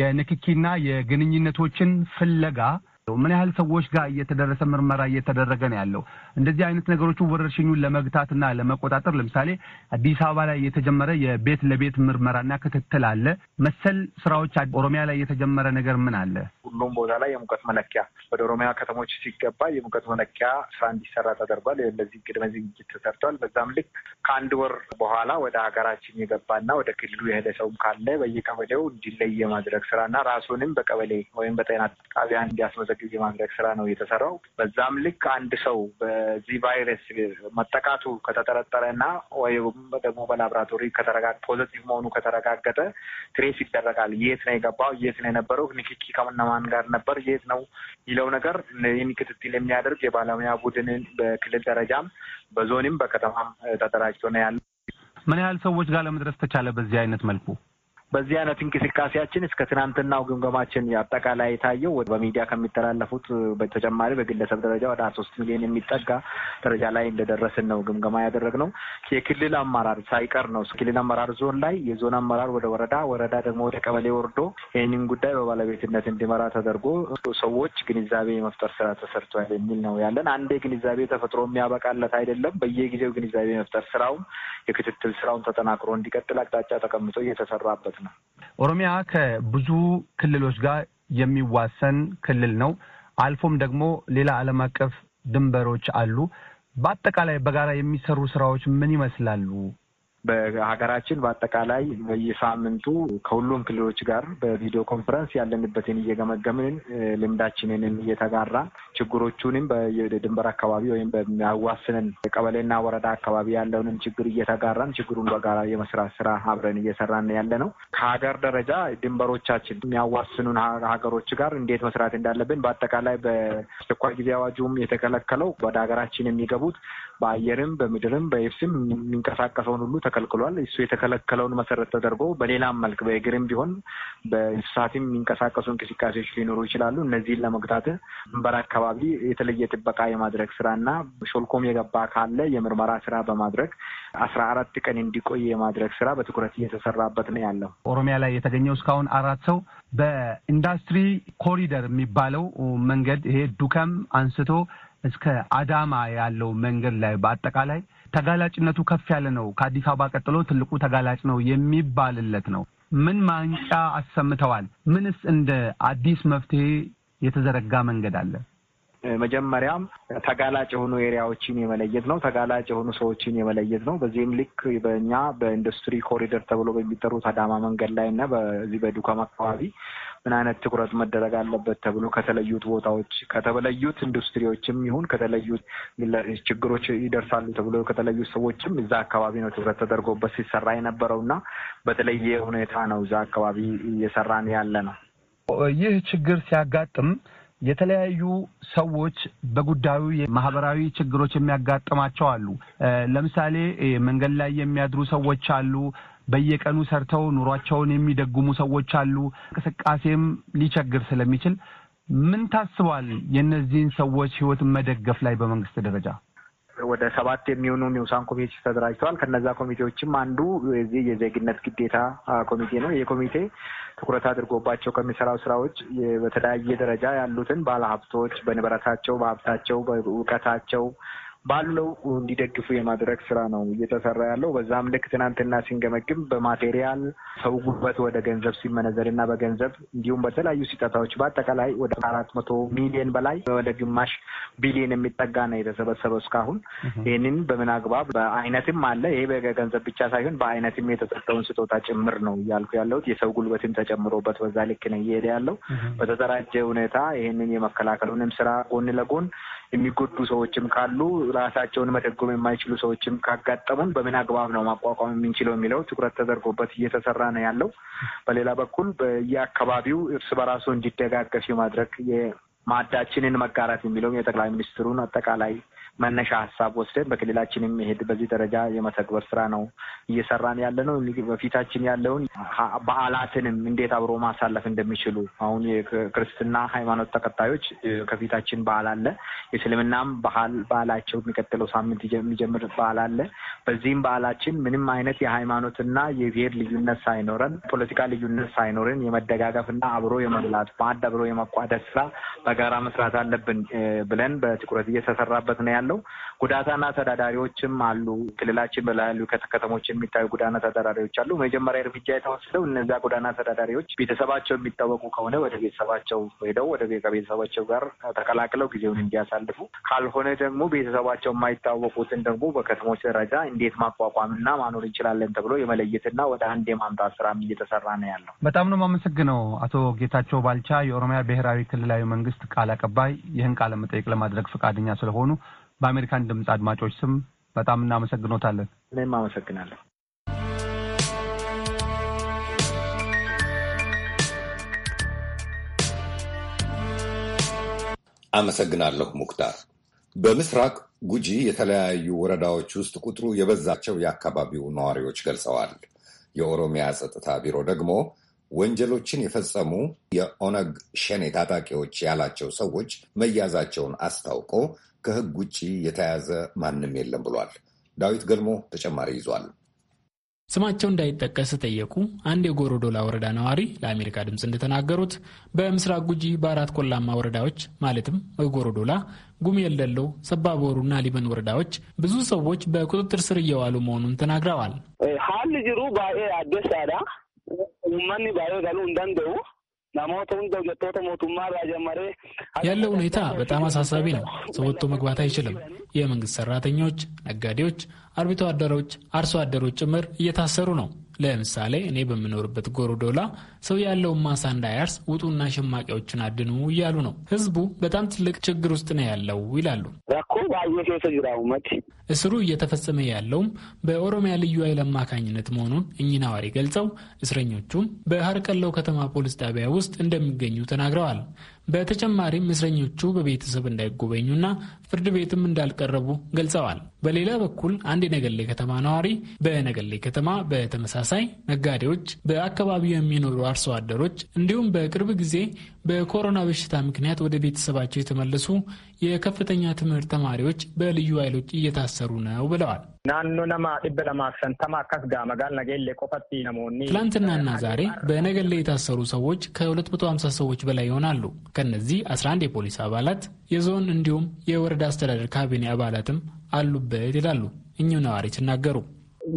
የንክኪና የግንኙነቶችን ፍለ だが、ምን ያህል ሰዎች ጋር እየተደረሰ ምርመራ እየተደረገ ነው ያለው? እንደዚህ አይነት ነገሮችን ወረርሽኙን ለመግታትና ለመቆጣጠር ለምሳሌ አዲስ አበባ ላይ የተጀመረ የቤት ለቤት ምርመራና ክትትል አለ። መሰል ስራዎች ኦሮሚያ ላይ የተጀመረ ነገር ምን አለ? ሁሉም ቦታ ላይ የሙቀት መለኪያ ወደ ኦሮሚያ ከተሞች ሲገባ የሙቀት መለኪያ ስራ እንዲሰራ ተደርጓል። ለዚህ ቅድመ ዝግጅት ተሰርቷል። በዛም ልክ ከአንድ ወር በኋላ ወደ ሀገራችን የገባና ወደ ክልሉ የሄደ ሰውም ካለ በየቀበሌው እንዲለይ የማድረግ ስራና ራሱንም በቀበሌ ወይም በጤና ጣቢያ እንዲያስመዘግ አዲስ የማድረግ ስራ ነው የተሰራው። በዛም ልክ አንድ ሰው በዚህ ቫይረስ መጠቃቱ ከተጠረጠረ እና ወይም ደግሞ በላብራቶሪ ከተረጋ ፖዘቲቭ መሆኑ ከተረጋገጠ ትሬስ ይደረጋል። የት ነው የገባው፣ የት ነው የነበረው፣ ንክኪ ከእነማን ጋር ነበር፣ የት ነው የሚለው ነገር ይህን ክትትል የሚያደርግ የባለሙያ ቡድንን በክልል ደረጃም በዞንም በከተማም ተደራጅቶ ነው ያለ። ምን ያህል ሰዎች ጋር ለመድረስ ተቻለ በዚህ አይነት መልኩ? በዚህ አይነት እንቅስቃሴያችን እስከ ትናንትናው ግምገማችን አጠቃላይ የታየው በሚዲያ ከሚተላለፉት በተጨማሪ በግለሰብ ደረጃ ወደ ሀያ ሶስት ሚሊዮን የሚጠጋ ደረጃ ላይ እንደደረስን ነው ግምገማ ያደረግነው። የክልል አመራር ሳይቀር ነው ክልል አመራር ዞን ላይ፣ የዞን አመራር ወደ ወረዳ፣ ወረዳ ደግሞ ወደ ቀበሌ ወርዶ ይህንን ጉዳይ በባለቤትነት እንዲመራ ተደርጎ ሰዎች ግንዛቤ የመፍጠር ስራ ተሰርቷል የሚል ነው ያለን። አንዴ ግንዛቤ ተፈጥሮ የሚያበቃለት አይደለም። በየጊዜው ግንዛቤ የመፍጠር ስራውም የክትትል ስራውን ተጠናክሮ እንዲቀጥል አቅጣጫ ተቀምጦ እየተሰራበት ማለት ነው። ኦሮሚያ ከብዙ ክልሎች ጋር የሚዋሰን ክልል ነው። አልፎም ደግሞ ሌላ ዓለም አቀፍ ድንበሮች አሉ። በአጠቃላይ በጋራ የሚሰሩ ስራዎች ምን ይመስላሉ? በሀገራችን በአጠቃላይ በየሳምንቱ ከሁሉም ክልሎች ጋር በቪዲዮ ኮንፈረንስ ያለንበትን እየገመገምን ልምዳችንንም እየተጋራን ችግሮቹንም በድንበር አካባቢ ወይም በሚያዋስንን ቀበሌና ወረዳ አካባቢ ያለውንም ችግር እየተጋራን ችግሩን በጋራ የመስራት ስራ አብረን እየሰራን ያለ ነው። ከሀገር ደረጃ ድንበሮቻችን የሚያዋስኑን ሀገሮች ጋር እንዴት መስራት እንዳለብን በአጠቃላይ በአስቸኳይ ጊዜ አዋጁም የተከለከለው ወደ ሀገራችን የሚገቡት በአየርም በምድርም በየብስም የሚንቀሳቀሰውን ሁሉ ተከልክሏል። እሱ የተከለከለውን መሰረት ተደርጎ በሌላም መልክ በእግርም ቢሆን በእንስሳትም የሚንቀሳቀሱ እንቅስቃሴዎች ሊኖሩ ይችላሉ። እነዚህን ለመግታት ድንበር አካባቢ የተለየ ጥበቃ የማድረግ ስራ እና ሾልኮም የገባ ካለ የምርመራ ስራ በማድረግ አስራ አራት ቀን እንዲቆይ የማድረግ ስራ በትኩረት እየተሰራበት ነው ያለው። ኦሮሚያ ላይ የተገኘው እስካሁን አራት ሰው በኢንዱስትሪ ኮሪደር የሚባለው መንገድ ይሄ ዱከም አንስቶ እስከ አዳማ ያለው መንገድ ላይ በአጠቃላይ ተጋላጭነቱ ከፍ ያለ ነው። ከአዲስ አበባ ቀጥሎ ትልቁ ተጋላጭ ነው የሚባልለት ነው። ምን ማንጫ አሰምተዋል? ምንስ እንደ አዲስ መፍትሄ የተዘረጋ መንገድ አለ? መጀመሪያም ተጋላጭ የሆኑ ኤሪያዎችን የመለየት ነው። ተጋላጭ የሆኑ ሰዎችን የመለየት ነው። በዚህም ልክ በእኛ በኢንዱስትሪ ኮሪደር ተብሎ በሚጠሩት አዳማ መንገድ ላይ እና በዚህ በዱከም አካባቢ ምን አይነት ትኩረት መደረግ አለበት ተብሎ ከተለዩት ቦታዎች ከተለዩት ኢንዱስትሪዎችም ይሁን ከተለዩት ችግሮች ይደርሳሉ ተብሎ ከተለዩ ሰዎችም እዛ አካባቢ ነው ትኩረት ተደርጎበት ሲሰራ የነበረው እና በተለየ ሁኔታ ነው እዛ አካባቢ እየሰራን ያለ ነው። ይህ ችግር ሲያጋጥም የተለያዩ ሰዎች በጉዳዩ ማህበራዊ ችግሮች የሚያጋጥማቸው አሉ። ለምሳሌ መንገድ ላይ የሚያድሩ ሰዎች አሉ። በየቀኑ ሰርተው ኑሯቸውን የሚደጉሙ ሰዎች አሉ። እንቅስቃሴም ሊቸግር ስለሚችል ምን ታስቧል? የእነዚህን ሰዎች ህይወት መደገፍ ላይ በመንግስት ደረጃ ወደ ሰባት የሚሆኑ ንዑሳን ኮሚቴዎች ተደራጅተዋል። ከነዛ ኮሚቴዎችም አንዱ የዚህ የዜግነት ግዴታ ኮሚቴ ነው። ይህ ኮሚቴ ትኩረት አድርጎባቸው ከሚሰራው ስራዎች በተለያየ ደረጃ ያሉትን ባለሀብቶች በንብረታቸው፣ በሀብታቸው፣ በእውቀታቸው ባለው እንዲደግፉ የማድረግ ስራ ነው እየተሰራ ያለው። በዛም ልክ ትናንትና ሲንገመግም በማቴሪያል ሰው ጉልበት ወደ ገንዘብ ሲመነዘር እና በገንዘብ እንዲሁም በተለያዩ ሲጠታዎች በአጠቃላይ ወደ አራት መቶ ሚሊዮን በላይ ወደ ግማሽ ቢሊዮን የሚጠጋ ነው የተሰበሰበው እስካሁን። ይህንን በምን አግባብ በአይነትም አለ ይሄ በገንዘብ ብቻ ሳይሆን በአይነትም የተሰጠውን ስጦታ ጭምር ነው እያልኩ ያለሁት። የሰው ጉልበትም ተጨምሮበት በዛ ልክ ነው እየሄደ ያለው። በተደራጀ ሁኔታ ይህንን የመከላከሉንም ስራ ጎን ለጎን የሚጎዱ ሰዎችም ካሉ ራሳቸውን መደጎም የማይችሉ ሰዎችም ካጋጠሙን በምን አግባብ ነው ማቋቋም የምንችለው የሚለው ትኩረት ተደርጎበት እየተሰራ ነው ያለው። በሌላ በኩል በየአካባቢው እርስ በራሱ እንዲደጋገፍ ማድረግ ማዕዳችንን መጋራት የሚለውም የጠቅላይ ሚኒስትሩን አጠቃላይ መነሻ ሀሳብ ወስደን በክልላችን የሚሄድ በዚህ ደረጃ የመተግበር ስራ ነው እየሰራን ያለ ነው። በፊታችን ያለውን በዓላትንም እንዴት አብሮ ማሳለፍ እንደሚችሉ አሁን የክርስትና ሃይማኖት ተከታዮች ከፊታችን በዓል አለ። የእስልምናም ባህል በዓላቸው የሚቀጥለው ሳምንት የሚጀምር በዓል አለ። በዚህም በዓላችን ምንም አይነት የሃይማኖትና የብሔር ልዩነት ሳይኖረን፣ ፖለቲካ ልዩነት ሳይኖረን የመደጋገፍና አብሮ የመብላት ማዕድ አብሮ የመቋደስ ስራ በጋራ መስራት አለብን ብለን በትኩረት እየተሰራበት ነው ያለው። ጉዳታና ተዳዳሪዎችም አሉ። ክልላችን በላሉ ከተከተሞች የሚታዩ ጉዳና ተዳዳሪዎች አሉ። መጀመሪያ እርምጃ የተወሰደው እነዚያ ጉዳና ተዳዳሪዎች ቤተሰባቸው የሚታወቁ ከሆነ ወደ ቤተሰባቸው ሄደው ወደ ከቤተሰባቸው ጋር ተቀላቅለው ጊዜውን እንዲያሳልፉ፣ ካልሆነ ደግሞ ቤተሰባቸው የማይታወቁትን ደግሞ በከተሞች ደረጃ እንዴት ማቋቋምና ማኖር እንችላለን ተብሎ የመለየትና ወደ አንድ የማምጣት ስራም እየተሰራ ነው ያለው። በጣም ነው የማመሰግነው አቶ ጌታቸው ባልቻ የኦሮሚያ ብሔራዊ ክልላዊ መንግስት ቃል አቀባይ ይህን ቃለ ለማድረግ ፈቃደኛ ስለሆኑ በአሜሪካን ድምፅ አድማጮች ስም በጣም እናመሰግኖታለን። እኔም አመሰግናለሁ። አመሰግናለሁ ሙክታር። በምስራቅ ጉጂ የተለያዩ ወረዳዎች ውስጥ ቁጥሩ የበዛቸው የአካባቢው ነዋሪዎች ገልጸዋል። የኦሮሚያ ጸጥታ ቢሮ ደግሞ ወንጀሎችን የፈጸሙ የኦነግ ሸኔ ታጣቂዎች ያላቸው ሰዎች መያዛቸውን አስታውቆ ከህግ ውጭ የተያዘ ማንም የለም ብሏል። ዳዊት ገልሞ ተጨማሪ ይዟል። ስማቸው እንዳይጠቀስ ጠየቁ አንድ የጎሮዶላ ወረዳ ነዋሪ ለአሜሪካ ድምፅ እንደተናገሩት በምስራቅ ጉጂ በአራት ቆላማ ወረዳዎች ማለትም ጎሮዶላ፣ ጉሜለሎ፣ ሰባቦሩ እና ሊበን ወረዳዎች ብዙ ሰዎች በቁጥጥር ስር እየዋሉ መሆኑን ተናግረዋል። ሀል ጅሩ ባኤ አደሳዳ ማኒ ባኤ ጋሉ እንዳንደው ያለው ሁኔታ በጣም አሳሳቢ ነው። ሰው ወጥቶ መግባት አይችልም። የመንግስት ሰራተኞች፣ ነጋዴዎች፣ አርብቶ አደሮች፣ አርሶ አደሮች ጭምር እየታሰሩ ነው። ለምሳሌ እኔ በምኖርበት ጎሮዶላ ሰው ያለውን ማሳ እንዳያርስ ውጡና ሸማቂዎችን አድኑ እያሉ ነው። ህዝቡ በጣም ትልቅ ችግር ውስጥ ነው ያለው ይላሉ። እስሩ እየተፈጸመ ያለውም በኦሮሚያ ልዩ ኃይል አማካኝነት መሆኑን እኚህ ነዋሪ ገልጸው እስረኞቹም በሀርቀለው ከተማ ፖሊስ ጣቢያ ውስጥ እንደሚገኙ ተናግረዋል። በተጨማሪም እስረኞቹ በቤተሰብ እንዳይጎበኙና ፍርድ ቤትም እንዳልቀረቡ ገልጸዋል። በሌላ በኩል አንድ የነገሌ ከተማ ነዋሪ በነገሌ ከተማ በተመሳሳይ ነጋዴዎች፣ በአካባቢው የሚኖሩ አርሶ አደሮች እንዲሁም በቅርብ ጊዜ በኮሮና በሽታ ምክንያት ወደ ቤተሰባቸው የተመለሱ የከፍተኛ ትምህርት ተማሪዎች በልዩ ኃይሎች እየታሰሩ ነው ብለዋል። ናኖ ነማ ዲበ ለማፍ ሸንተማ አካስ ጋ መጋል ነገሌ ቆፈቲ ነሞኒ ትላንትናና ዛሬ በነገሌ የታሰሩ ሰዎች ከ250 ሰዎች በላይ ይሆናሉ። ከነዚህ 11 የፖሊስ አባላት የዞን እንዲሁም የወረዳ አስተዳደር ካቢኔ አባላትም አሉበት ይላሉ እኚሁ ነዋሪ ሲናገሩ።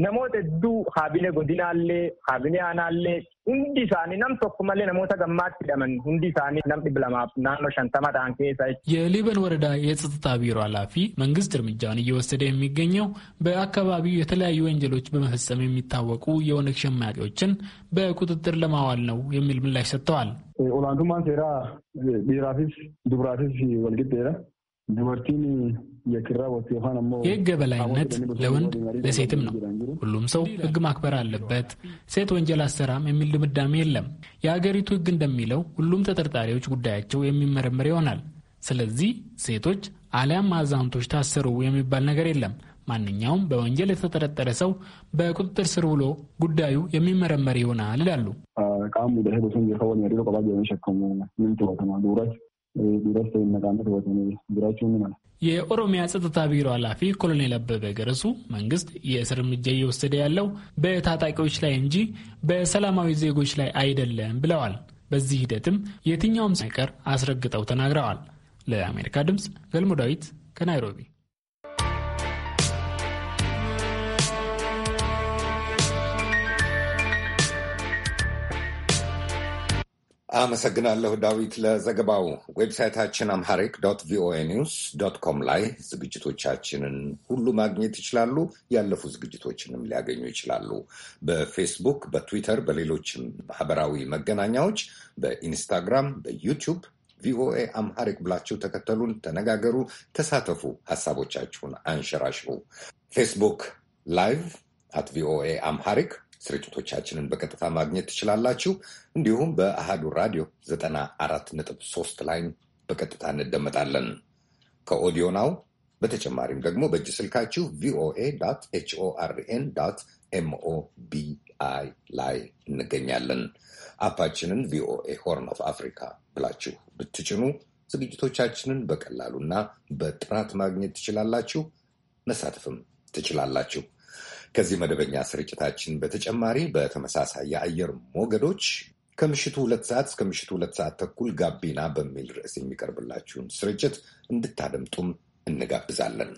ነሞት ዱ ካቢኔ ጎዲናሌ ካቢኔ አናሌ hundi isaanii nam tokko malee namoota gammaatti hidhaman hundi isaanii nam dhibba lamaaf naannoo shantama ta'an keessa የሊበን ወረዳ የጸጥታ ቢሮ ኃላፊ መንግስት እርምጃውን እየወሰደ የሚገኘው በአካባቢው የተለያዩ ወንጀሎች በመፈጸም የሚታወቁ የኦነግ ሸማቂዎችን በቁጥጥር ለማዋል ነው የሚል ምላሽ ሰጥተዋል። ኦላንቱማን ሴራ ዲራፊስ ዱብራፊስ ወልግጤራ ዱበርቲን የህግ የበላይነት ለወንድ ለሴትም ነው። ሁሉም ሰው ህግ ማክበር አለበት። ሴት ወንጀል አሰራም የሚል ድምዳሜ የለም። የአገሪቱ ህግ እንደሚለው ሁሉም ተጠርጣሪዎች ጉዳያቸው የሚመረመር ይሆናል። ስለዚህ ሴቶች አሊያም አዛውንቶች ታሰሩ የሚባል ነገር የለም። ማንኛውም በወንጀል የተጠረጠረ ሰው በቁጥጥር ስር ውሎ ጉዳዩ የሚመረመር ይሆናል ይላሉ። ማለት የኦሮሚያ ጸጥታ ቢሮ ኃላፊ ኮሎኔል አበበ ገረሱ መንግስት የእስር እርምጃ እየወሰደ ያለው በታጣቂዎች ላይ እንጂ በሰላማዊ ዜጎች ላይ አይደለም ብለዋል። በዚህ ሂደትም የትኛውም ሳይቀር አስረግጠው ተናግረዋል። ለአሜሪካ ድምፅ ገልሞ ዳዊት ከናይሮቢ አመሰግናለሁ ዳዊት ለዘገባው። ዌብሳይታችን አምሃሪክ ዶት ቪኦኤ ኒውስ ዶት ኮም ላይ ዝግጅቶቻችንን ሁሉ ማግኘት ይችላሉ። ያለፉ ዝግጅቶችንም ሊያገኙ ይችላሉ። በፌስቡክ፣ በትዊተር፣ በሌሎችም ማህበራዊ መገናኛዎች፣ በኢንስታግራም፣ በዩቲዩብ ቪኦኤ አምሃሪክ ብላችሁ ተከተሉን፣ ተነጋገሩ፣ ተሳተፉ፣ ሀሳቦቻችሁን አንሸራሽሩ። ፌስቡክ ላይቭ አት ቪኦኤ አምሃሪክ ስርጭቶቻችንን በቀጥታ ማግኘት ትችላላችሁ። እንዲሁም በአሃዱ ራዲዮ 94.3 ላይ በቀጥታ እንደመጣለን። ከኦዲዮ ናው በተጨማሪም ደግሞ በእጅ ስልካችሁ ቪኦኤ ኤች ኦ አር ኤን ላይ እንገኛለን። አፓችንን ቪኦኤ ሆርን ኦፍ አፍሪካ ብላችሁ ብትጭኑ ዝግጅቶቻችንን በቀላሉና በጥራት ማግኘት ትችላላችሁ፣ መሳተፍም ትችላላችሁ። ከዚህ መደበኛ ስርጭታችን በተጨማሪ በተመሳሳይ የአየር ሞገዶች ከምሽቱ ሁለት ሰዓት እስከ ምሽቱ ሁለት ሰዓት ተኩል ጋቢና በሚል ርዕስ የሚቀርብላችሁን ስርጭት እንድታደምጡም እንጋብዛለን።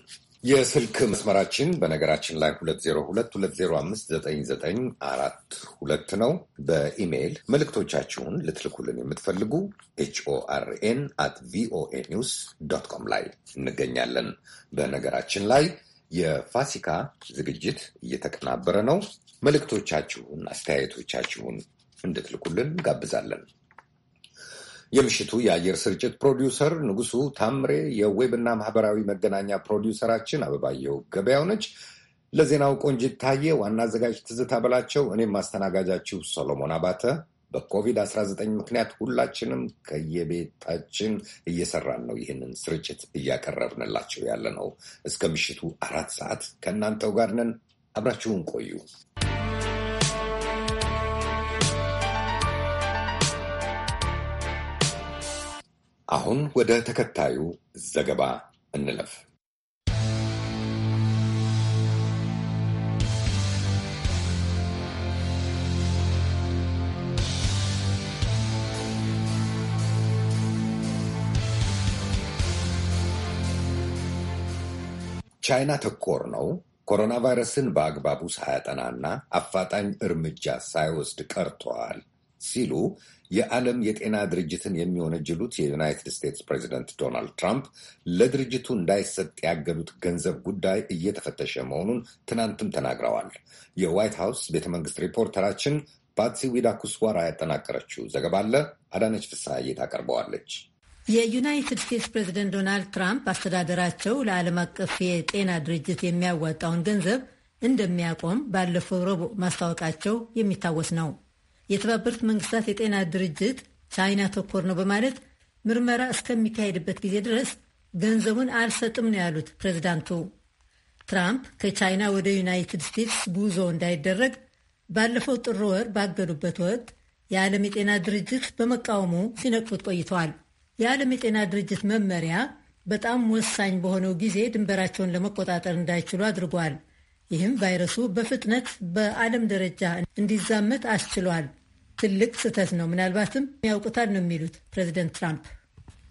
የስልክ መስመራችን በነገራችን ላይ 2022059942 ነው። በኢሜይል መልእክቶቻችሁን ልትልኩልን የምትፈልጉ ኤችኦአርኤን አት ቪኦኤ ኒውስ ዶት ኮም ላይ እንገኛለን። በነገራችን ላይ የፋሲካ ዝግጅት እየተቀናበረ ነው። መልእክቶቻችሁን፣ አስተያየቶቻችሁን እንድትልኩልን ጋብዛለን። የምሽቱ የአየር ስርጭት ፕሮዲውሰር ንጉሱ ታምሬ፣ የዌብና ማህበራዊ መገናኛ ፕሮዲውሰራችን አበባየው ገበያው ነች። ለዜናው ቆንጅት ታየ፣ ዋና አዘጋጅ ትዝታ በላቸው፣ እኔም ማስተናጋጃችሁ ሰሎሞን አባተ በኮቪድ-19 ምክንያት ሁላችንም ከየቤታችን እየሰራን ነው። ይህንን ስርጭት እያቀረብንላቸው ያለ ነው። እስከ ምሽቱ አራት ሰዓት ከእናንተው ጋር ነን። አብራችሁን ቆዩ። አሁን ወደ ተከታዩ ዘገባ እንለፍ። ቻይና ተኮር ነው ኮሮና ቫይረስን በአግባቡ ሳያጠናና አፋጣኝ እርምጃ ሳይወስድ ቀርተዋል ሲሉ የዓለም የጤና ድርጅትን የሚወነጅሉት የዩናይትድ ስቴትስ ፕሬዚደንት ዶናልድ ትራምፕ ለድርጅቱ እንዳይሰጥ ያገዱት ገንዘብ ጉዳይ እየተፈተሸ መሆኑን ትናንትም ተናግረዋል። የዋይት ሀውስ ቤተ መንግስት ሪፖርተራችን ፓትሲ ዊዳኩስዋራ ያጠናቀረችው ዘገባ አለ። አዳነች ፍስሐዬ ታቀርበዋለች። የዩናይትድ ስቴትስ ፕሬዚደንት ዶናልድ ትራምፕ አስተዳደራቸው ለዓለም አቀፍ የጤና ድርጅት የሚያዋጣውን ገንዘብ እንደሚያቆም ባለፈው ረቡዕ ማስታወቃቸው የሚታወስ ነው። የተባበሩት መንግስታት የጤና ድርጅት ቻይና ተኮር ነው በማለት ምርመራ እስከሚካሄድበት ጊዜ ድረስ ገንዘቡን አልሰጥም ነው ያሉት ፕሬዚዳንቱ። ትራምፕ ከቻይና ወደ ዩናይትድ ስቴትስ ጉዞ እንዳይደረግ ባለፈው ጥር ወር ባገዱበት ወቅት የዓለም የጤና ድርጅት በመቃወሙ ሲነቅፉት ቆይተዋል። የዓለም የጤና ድርጅት መመሪያ በጣም ወሳኝ በሆነው ጊዜ ድንበራቸውን ለመቆጣጠር እንዳይችሉ አድርጓል። ይህም ቫይረሱ በፍጥነት በዓለም ደረጃ እንዲዛመት አስችሏል። ትልቅ ስህተት ነው፣ ምናልባትም ያውቁታል ነው የሚሉት ፕሬዚደንት ትራምፕ።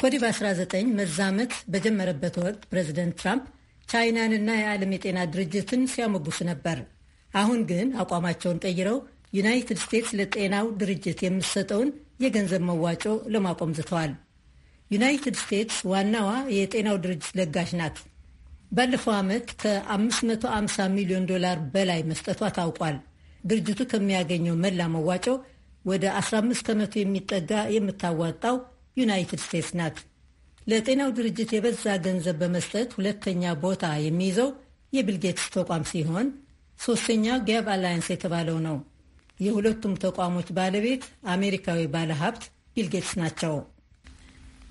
ኮቪድ 19 መዛመት በጀመረበት ወቅት ፕሬዚደንት ትራምፕ ቻይናንና የዓለም የጤና ድርጅትን ሲያሞግሱ ነበር። አሁን ግን አቋማቸውን ቀይረው ዩናይትድ ስቴትስ ለጤናው ድርጅት የምትሰጠውን የገንዘብ መዋጮ ለማቆም ዝተዋል። ዩናይትድ ስቴትስ ዋናዋ የጤናው ድርጅት ለጋሽ ናት። ባለፈው ዓመት ከ550 ሚሊዮን ዶላር በላይ መስጠቷ ታውቋል። ድርጅቱ ከሚያገኘው መላ መዋጮ ወደ 15 ከመቶ የሚጠጋ የምታዋጣው ዩናይትድ ስቴትስ ናት። ለጤናው ድርጅት የበዛ ገንዘብ በመስጠት ሁለተኛ ቦታ የሚይዘው የቢልጌትስ ተቋም ሲሆን ሶስተኛ ጋብ አላያንስ የተባለው ነው። የሁለቱም ተቋሞች ባለቤት አሜሪካዊ ባለሀብት ቢልጌትስ ናቸው።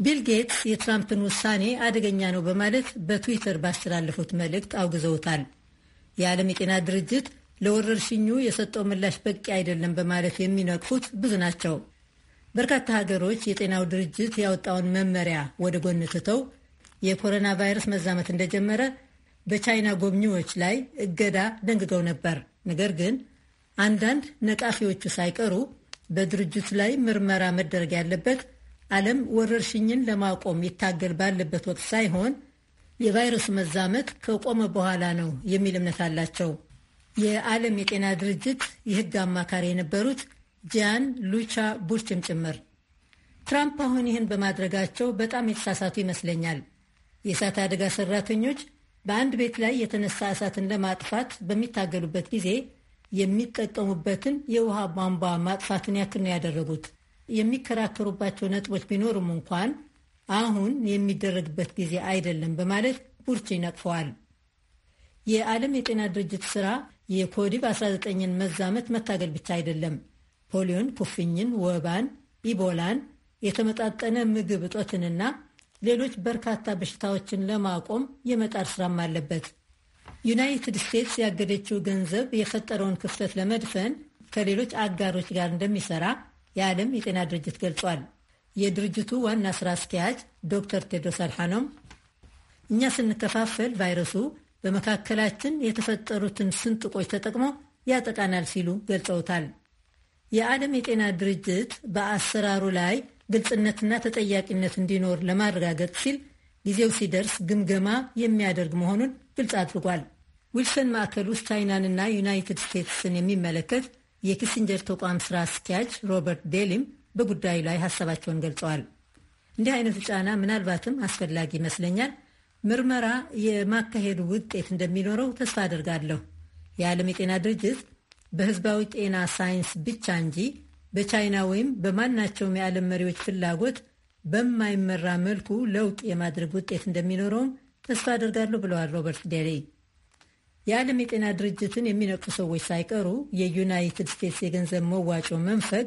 ቢል ጌትስ የትራምፕን ውሳኔ አደገኛ ነው በማለት በትዊተር ባስተላለፉት መልእክት አውግዘውታል። የዓለም የጤና ድርጅት ለወረርሽኙ የሰጠው ምላሽ በቂ አይደለም በማለት የሚነቅፉት ብዙ ናቸው። በርካታ ሀገሮች የጤናው ድርጅት ያወጣውን መመሪያ ወደ ጎን ትተው የኮሮና ቫይረስ መዛመት እንደጀመረ በቻይና ጎብኚዎች ላይ እገዳ ደንግገው ነበር። ነገር ግን አንዳንድ ነቃፊዎቹ ሳይቀሩ በድርጅቱ ላይ ምርመራ መደረግ ያለበት ዓለም ወረርሽኝን ለማቆም ይታገል ባለበት ወቅት ሳይሆን የቫይረሱ መዛመት ከቆመ በኋላ ነው የሚል እምነት አላቸው። የዓለም የጤና ድርጅት የሕግ አማካሪ የነበሩት ጃን ሉቻ ቡርችም ጭምር ትራምፕ አሁን ይህን በማድረጋቸው በጣም የተሳሳቱ ይመስለኛል። የእሳት አደጋ ሰራተኞች በአንድ ቤት ላይ የተነሳ እሳትን ለማጥፋት በሚታገሉበት ጊዜ የሚጠቀሙበትን የውሃ ቧንቧ ማጥፋትን ያክል ነው ያደረጉት። የሚከራከሩባቸው ነጥቦች ቢኖሩም እንኳን አሁን የሚደረግበት ጊዜ አይደለም በማለት ቡርቺ ነቅፈዋል። የዓለም የጤና ድርጅት ሥራ የኮዲቭ 19 ን መዛመት መታገል ብቻ አይደለም፣ ፖሊዮን፣ ኩፍኝን፣ ወባን፣ ኢቦላን፣ የተመጣጠነ ምግብ እጦትንና ሌሎች በርካታ በሽታዎችን ለማቆም የመጣር ስራም አለበት። ዩናይትድ ስቴትስ ያገደችው ገንዘብ የፈጠረውን ክፍተት ለመድፈን ከሌሎች አጋሮች ጋር እንደሚሰራ የዓለም የጤና ድርጅት ገልጿል። የድርጅቱ ዋና ስራ አስኪያጅ ዶክተር ቴድሮስ አድሓኖም እኛ ስንከፋፈል ቫይረሱ በመካከላችን የተፈጠሩትን ስንጥቆች ተጠቅሞ ያጠቃናል ሲሉ ገልጸውታል። የዓለም የጤና ድርጅት በአሰራሩ ላይ ግልጽነትና ተጠያቂነት እንዲኖር ለማረጋገጥ ሲል ጊዜው ሲደርስ ግምገማ የሚያደርግ መሆኑን ግልጽ አድርጓል። ዊልሰን ማዕከል ውስጥ ቻይናንና ዩናይትድ ስቴትስን የሚመለከት የኪሲንጀር ተቋም ስራ አስኪያጅ ሮበርት ዴሊም በጉዳዩ ላይ ሀሳባቸውን ገልጸዋል። እንዲህ አይነቱ ጫና ምናልባትም አስፈላጊ ይመስለኛል። ምርመራ የማካሄዱ ውጤት እንደሚኖረው ተስፋ አድርጋለሁ። የዓለም የጤና ድርጅት በህዝባዊ ጤና ሳይንስ ብቻ እንጂ በቻይና ወይም በማናቸውም የዓለም መሪዎች ፍላጎት በማይመራ መልኩ ለውጥ የማድረግ ውጤት እንደሚኖረውም ተስፋ አደርጋለሁ ብለዋል ሮበርት ዴሊ። የዓለም የጤና ድርጅትን የሚነቅፉ ሰዎች ሳይቀሩ የዩናይትድ ስቴትስ የገንዘብ መዋጮ መንፈግ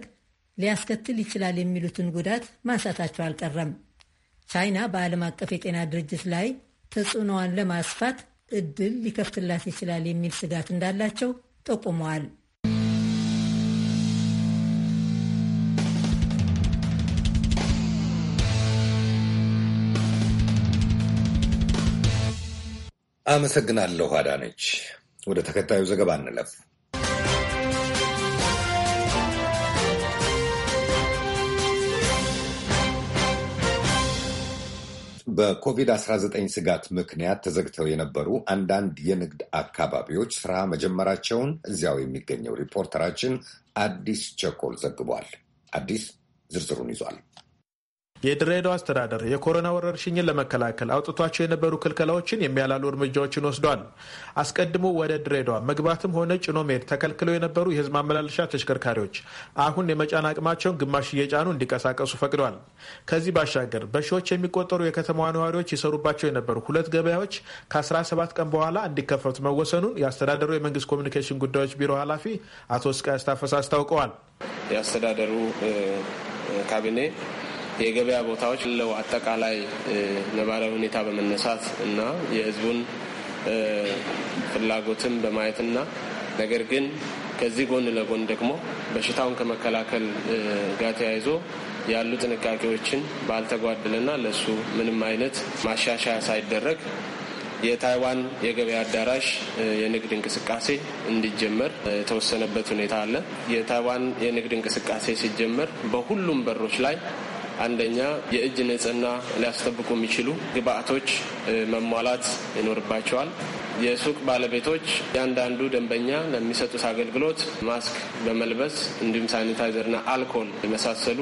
ሊያስከትል ይችላል የሚሉትን ጉዳት ማንሳታቸው አልቀረም። ቻይና በዓለም አቀፍ የጤና ድርጅት ላይ ተጽዕኖዋን ለማስፋት እድል ሊከፍትላት ይችላል የሚል ስጋት እንዳላቸው ጠቁመዋል። አመሰግናለሁ አዳነች። ወደ ተከታዩ ዘገባ እንለፍ። በኮቪድ-19 ስጋት ምክንያት ተዘግተው የነበሩ አንዳንድ የንግድ አካባቢዎች ስራ መጀመራቸውን እዚያው የሚገኘው ሪፖርተራችን አዲስ ቸኮል ዘግቧል። አዲስ ዝርዝሩን ይዟል። የድሬዳዋ አስተዳደር የኮሮና ወረርሽኝን ለመከላከል አውጥቷቸው የነበሩ ክልከላዎችን የሚያላሉ እርምጃዎችን ወስዷል። አስቀድሞ ወደ ድሬዳዋ መግባትም ሆነ ጭኖ መሄድ ተከልክለው የነበሩ የሕዝብ ማመላለሻ ተሽከርካሪዎች አሁን የመጫን አቅማቸውን ግማሽ እየጫኑ እንዲንቀሳቀሱ ፈቅዷል። ከዚህ ባሻገር በሺዎች የሚቆጠሩ የከተማዋ ነዋሪዎች ይሰሩባቸው የነበሩ ሁለት ገበያዎች ከ17 ቀን በኋላ እንዲከፈቱ መወሰኑን የአስተዳደሩ የመንግስት ኮሚኒኬሽን ጉዳዮች ቢሮ ኃላፊ አቶ ስቃይ አስታፈሳ አስታውቀዋል። የአስተዳደሩ ካቢኔ የገበያ ቦታዎች ለው አጠቃላይ ነባራዊ ሁኔታ በመነሳት እና የህዝቡን ፍላጎትን በማየትና ነገር ግን ከዚህ ጎን ለጎን ደግሞ በሽታውን ከመከላከል ጋር ተያይዞ ያሉ ጥንቃቄዎችን ባልተጓደለና ለሱ ምንም አይነት ማሻሻያ ሳይደረግ የታይዋን የገበያ አዳራሽ የንግድ እንቅስቃሴ እንዲጀመር የተወሰነበት ሁኔታ አለ። የታይዋን የንግድ እንቅስቃሴ ሲጀመር በሁሉም በሮች ላይ አንደኛ የእጅ ንጽህና ሊያስጠብቁ የሚችሉ ግብአቶች መሟላት ይኖርባቸዋል። የሱቅ ባለቤቶች እያንዳንዱ ደንበኛ ለሚሰጡት አገልግሎት ማስክ በመልበስ እንዲሁም ሳኒታይዘርና አልኮል የመሳሰሉ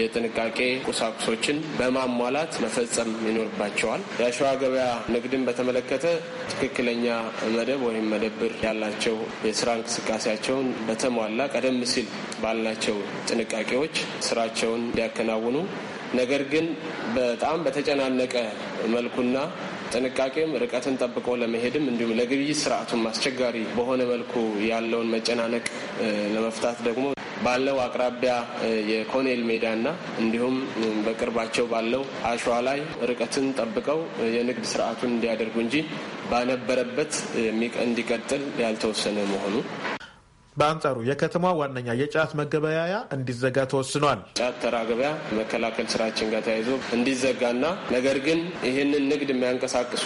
የጥንቃቄ ቁሳቁሶችን በማሟላት መፈጸም ይኖርባቸዋል። የአሸዋ ገበያ ንግድን በተመለከተ ትክክለኛ መደብ ወይም መደብር ያላቸው የስራ እንቅስቃሴያቸውን በተሟላ ቀደም ሲል ባላቸው ጥንቃቄዎች ስራቸውን እንዲያከናውኑ ነገር ግን በጣም በተጨናነቀ መልኩና ጥንቃቄም ርቀትን ጠብቆ ለመሄድም እንዲሁም ለግብይት ስርዓቱም አስቸጋሪ በሆነ መልኩ ያለውን መጨናነቅ ለመፍታት ደግሞ ባለው አቅራቢያ የኮኔል ሜዳና እንዲሁም በቅርባቸው ባለው አሸዋ ላይ ርቀትን ጠብቀው የንግድ ስርዓቱን እንዲያደርጉ እንጂ ባነበረበት እንዲቀጥል ያልተወሰነ መሆኑ በአንጻሩ የከተማ ዋነኛ የጫት መገበያያ እንዲዘጋ ተወስኗል። ጫት ተራ ገበያ መከላከል ስራችን ጋር ተያይዞ እንዲዘጋና ነገር ግን ይህንን ንግድ የሚያንቀሳቅሱ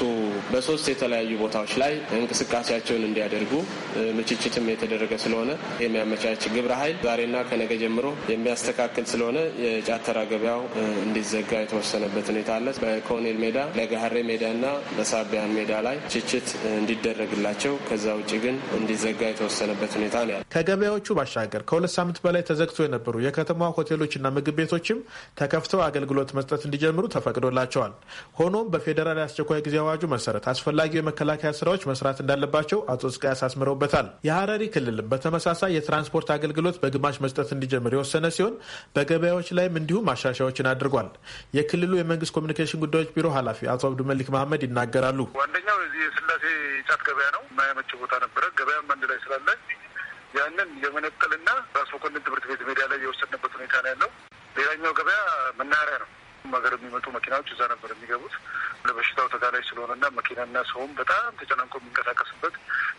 በሶስት የተለያዩ ቦታዎች ላይ እንቅስቃሴያቸውን እንዲያደርጉ ምችችትም የተደረገ ስለሆነ የሚያመቻች ግብረ ኃይል ዛሬና ከነገ ጀምሮ የሚያስተካክል ስለሆነ የጫት ተራ ገበያው እንዲዘጋ የተወሰነበት ሁኔታ አለ። በኮኔል ሜዳ፣ ለገሀሬ ሜዳና በሳቢያን ሜዳ ላይ ችችት እንዲደረግላቸው ከዛ ውጭ ግን እንዲዘጋ የተወሰነበት ሁኔታ ነው። ከገበያዎቹ ባሻገር ከሁለት ሳምንት በላይ ተዘግቶ የነበሩ የከተማ ሆቴሎችና ምግብ ቤቶችም ተከፍተው አገልግሎት መስጠት እንዲጀምሩ ተፈቅዶላቸዋል። ሆኖም በፌዴራል የአስቸኳይ ጊዜ አዋጁ መሰረት አስፈላጊው የመከላከያ ስራዎች መስራት እንዳለባቸው አቶ ጽቃይ አሳስምረውበታል። የሀረሪ ክልልም በተመሳሳይ የትራንስፖርት አገልግሎት በግማሽ መስጠት እንዲጀምር የወሰነ ሲሆን በገበያዎች ላይም እንዲሁም ማሻሻያዎችን አድርጓል። የክልሉ የመንግስት ኮሚኒኬሽን ጉዳዮች ቢሮ ኃላፊ አቶ አብዱመሊክ መሀመድ ይናገራሉ። ዋንደኛው የስላሴ ጫት ገበያ ነው። ማያመች ቦታ ነበረ። ገበያም አንድ ላይ ስላለ ያንን የመነጠልና ራስ መኮንን ትምህርት ቤት ሜዳ ላይ የወሰድንበት ሁኔታ ነው ያለው። ሌላኛው ገበያ መናኸሪያ ነው። ሀገር የሚመጡ መኪናዎች እዛ ነበር የሚገቡት። ለበሽታው ተጋላጭ ስለሆነና መኪናና ሰውም በጣም ተጨናንቆ የሚንቀሳቀስበት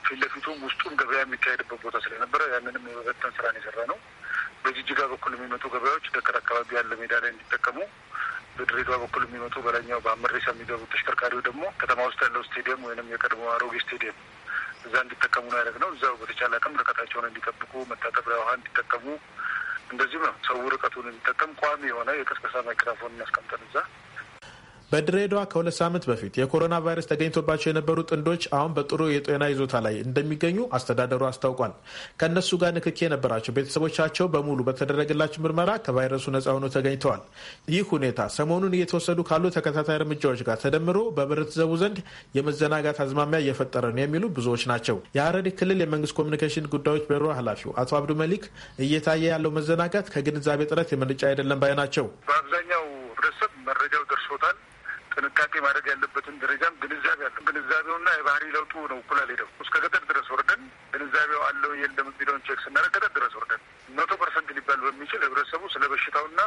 ፊት ለፊቱም ውስጡም ገበያ የሚካሄድበት ቦታ ስለነበረ ያንንም የመበተን ስራን የሰራ ነው። በጅጅጋ በኩል የሚመጡ ገበያዎች ደከር አካባቢ ያለ ሜዳ ላይ እንዲጠቀሙ፣ በድሬዳዋ በኩል የሚመጡ በላይኛው በአመሬሳ የሚገቡ ተሽከርካሪው ደግሞ ከተማ ውስጥ ያለው ስቴዲየም ወይንም የቀድሞ አሮጌ ስቴዲየም እዛ እንዲጠቀሙ ነው ያደረግ ነው። እዛው በተቻለ አቅም ርቀታቸውን እንዲጠብቁ መታጠቢያ ውሃ እንዲጠቀሙ እንደዚሁም ነው ሰው ርቀቱን እንዲጠቀም ቋሚ የሆነ የቅስቀሳ ማይክራፎን እናስቀምጠን እዛ በድሬዳዋ ከሁለት ሳምንት በፊት የኮሮና ቫይረስ ተገኝቶባቸው የነበሩ ጥንዶች አሁን በጥሩ የጤና ይዞታ ላይ እንደሚገኙ አስተዳደሩ አስታውቋል። ከእነሱ ጋር ንክኪ የነበራቸው ቤተሰቦቻቸው በሙሉ በተደረገላቸው ምርመራ ከቫይረሱ ነጻ ሆነው ተገኝተዋል። ይህ ሁኔታ ሰሞኑን እየተወሰዱ ካሉ ተከታታይ እርምጃዎች ጋር ተደምሮ በህብረተሰቡ ዘንድ የመዘናጋት አዝማሚያ እየፈጠረ ነው የሚሉ ብዙዎች ናቸው። የሀረሪ ክልል የመንግስት ኮሚኒኬሽን ጉዳዮች ቢሮ ኃላፊው አቶ አብዱ መሊክ እየታየ ያለው መዘናጋት ከግንዛቤ ጥረት የመነጨ አይደለም ባይ ናቸው። በአብዛኛው ህብረተሰብ መረጃው ደርሶታል ጥንቃቄ ማድረግ ያለበትን ደረጃም ግንዛቤ አለ። ግንዛቤውና የባህሪ ለውጡ ነው እኩል አልሄደው እስከ ገጠር ድረስ ወርደን ግንዛቤው አለው የለም የሚለውን ቼክ ስናደርግ ገጠር ድረስ ወርደን መቶ ፐርሰንት ሊባል በሚችል ህብረተሰቡ ስለ በሽታውና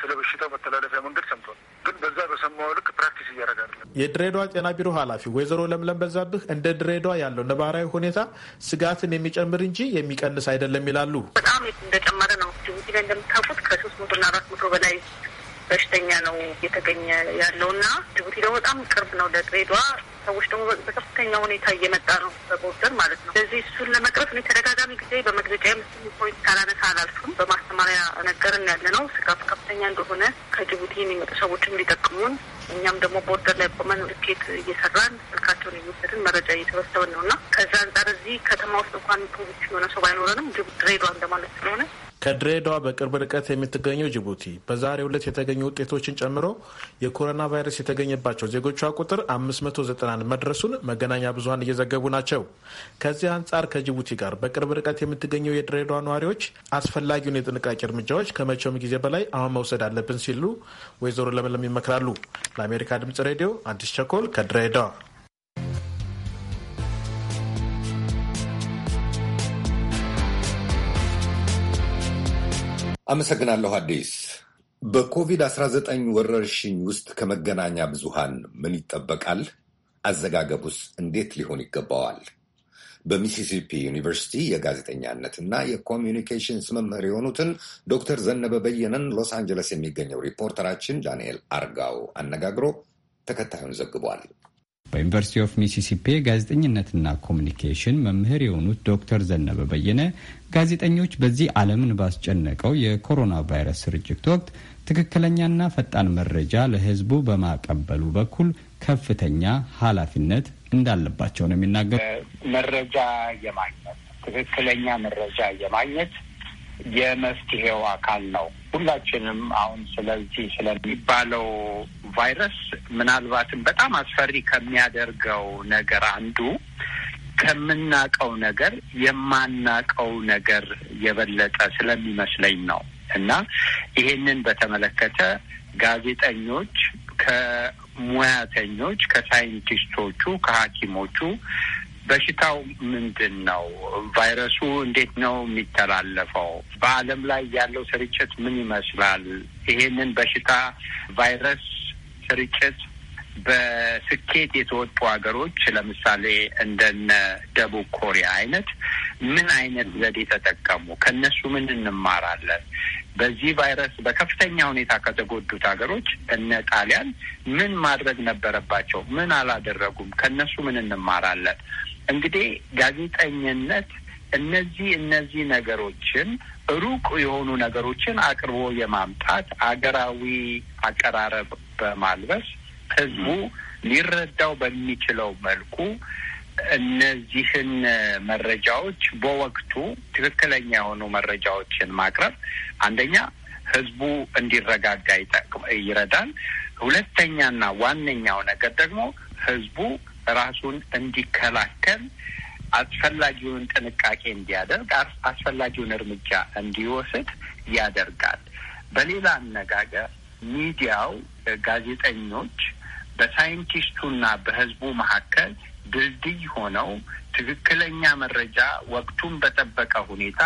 ስለ በሽታው መተላለፊያ መንገድ ሰምቷል። ግን በዛ በሰማው ልክ ፕራክቲስ እያደረጋለ የድሬዳዋ ጤና ቢሮ ኃላፊ ወይዘሮ ለምለም በዛብህ እንደ ድሬዳዋ ያለው ነባራዊ ሁኔታ ስጋትን የሚጨምር እንጂ የሚቀንስ አይደለም ይላሉ። በጣም እንደጨመረ ነው። ጅቡቲ ላይ እንደምታውቁት ከሶስት መቶና አራት መቶ በላይ በሽተኛ ነው እየተገኘ ያለው እና ጅቡቲ ደግሞ በጣም ቅርብ ነው ለድሬዳዋ። ሰዎች ደግሞ በከፍተኛ ሁኔታ እየመጣ ነው በቦርደር ማለት ነው። ስለዚህ እሱን ለመቅረፍ እኔ ተደጋጋሚ ጊዜ በመግለጫ የምስል ፖይንት ካላነሳ አላልፉም። በማስተማሪያ ነገርን ያለ ነው ስጋቱ ከፍተኛ እንደሆነ ከጅቡቲ የሚመጡ ሰዎች እንዲጠቅሙን እኛም ደግሞ ቦርደር ላይ ቆመን ልኬት እየሰራን ስልካቸውን እየወሰድን መረጃ እየሰበሰብን ነው እና ከዛ አንጻር እዚህ ከተማ ውስጥ እንኳን ፖሊስ የሆነ ሰው ባይኖረንም ድሬዷ እንደማለት ስለሆነ ከድሬዳዋ በቅርብ ርቀት የምትገኘው ጅቡቲ በዛሬው ዕለት የተገኙ ውጤቶችን ጨምሮ የኮሮና ቫይረስ የተገኘባቸው ዜጎቿ ቁጥር 591 መድረሱን መገናኛ ብዙሀን እየዘገቡ ናቸው። ከዚህ አንጻር ከጅቡቲ ጋር በቅርብ ርቀት የምትገኘው የድሬዳዋ ነዋሪዎች አስፈላጊውን የጥንቃቄ እርምጃዎች ከመቼውም ጊዜ በላይ አሁን መውሰድ አለብን ሲሉ ወይዘሮ ለምለም ይመክራሉ። ለአሜሪካ ድምጽ ሬዲዮ አዲስ ቸኮል ከድሬዳዋ አመሰግናለሁ አዲስ። በኮቪድ-19 ወረርሽኝ ውስጥ ከመገናኛ ብዙሃን ምን ይጠበቃል? አዘጋገቡስ እንዴት ሊሆን ይገባዋል? በሚሲሲፒ ዩኒቨርሲቲ የጋዜጠኛነትና የኮሚዩኒኬሽንስ መምህር የሆኑትን ዶክተር ዘነበ በየነን ሎስ አንጀለስ የሚገኘው ሪፖርተራችን ዳንኤል አርጋው አነጋግሮ ተከታዩን ዘግቧል። በዩኒቨርሲቲ ኦፍ ሚሲሲፒ ጋዜጠኝነትና ኮሚኒኬሽን መምህር የሆኑት ዶክተር ዘነበ በየነ ጋዜጠኞች በዚህ ዓለምን ባስጨነቀው የኮሮና ቫይረስ ስርጭት ወቅት ትክክለኛና ፈጣን መረጃ ለሕዝቡ በማቀበሉ በኩል ከፍተኛ ኃላፊነት እንዳለባቸው ነው የሚናገሩ። መረጃ የማግኘት ትክክለኛ መረጃ የማግኘት የመፍትሄው አካል ነው። ሁላችንም አሁን ስለዚህ ስለሚባለው ቫይረስ ምናልባትም በጣም አስፈሪ ከሚያደርገው ነገር አንዱ ከምናቀው ነገር የማናቀው ነገር የበለጠ ስለሚመስለኝ ነው እና ይሄንን በተመለከተ ጋዜጠኞች ከሙያተኞች፣ ከሳይንቲስቶቹ፣ ከሐኪሞቹ በሽታው ምንድን ነው? ቫይረሱ እንዴት ነው የሚተላለፈው? በዓለም ላይ ያለው ስርጭት ምን ይመስላል? ይሄንን በሽታ ቫይረስ ስርጭት በስኬት የተወጡ ሀገሮች ለምሳሌ እንደነ ደቡብ ኮሪያ አይነት ምን አይነት ዘዴ ተጠቀሙ? ከነሱ ምን እንማራለን? በዚህ ቫይረስ በከፍተኛ ሁኔታ ከተጎዱት ሀገሮች እነ ጣሊያን ምን ማድረግ ነበረባቸው? ምን አላደረጉም? ከነሱ ምን እንማራለን? እንግዲህ ጋዜጠኝነት እነዚህ እነዚህ ነገሮችን ሩቅ የሆኑ ነገሮችን አቅርቦ የማምጣት አገራዊ አቀራረብ በማልበስ ህዝቡ ሊረዳው በሚችለው መልኩ እነዚህን መረጃዎች በወቅቱ ትክክለኛ የሆኑ መረጃዎችን ማቅረብ አንደኛ ህዝቡ እንዲረጋጋ ይረዳል። ሁለተኛና ዋነኛው ነገር ደግሞ ህዝቡ ራሱን እንዲከላከል አስፈላጊውን ጥንቃቄ እንዲያደርግ አስፈላጊውን እርምጃ እንዲወስድ ያደርጋል። በሌላ አነጋገር ሚዲያው፣ ጋዜጠኞች በሳይንቲስቱና በህዝቡ መካከል ድልድይ ሆነው ትክክለኛ መረጃ ወቅቱን በጠበቀ ሁኔታ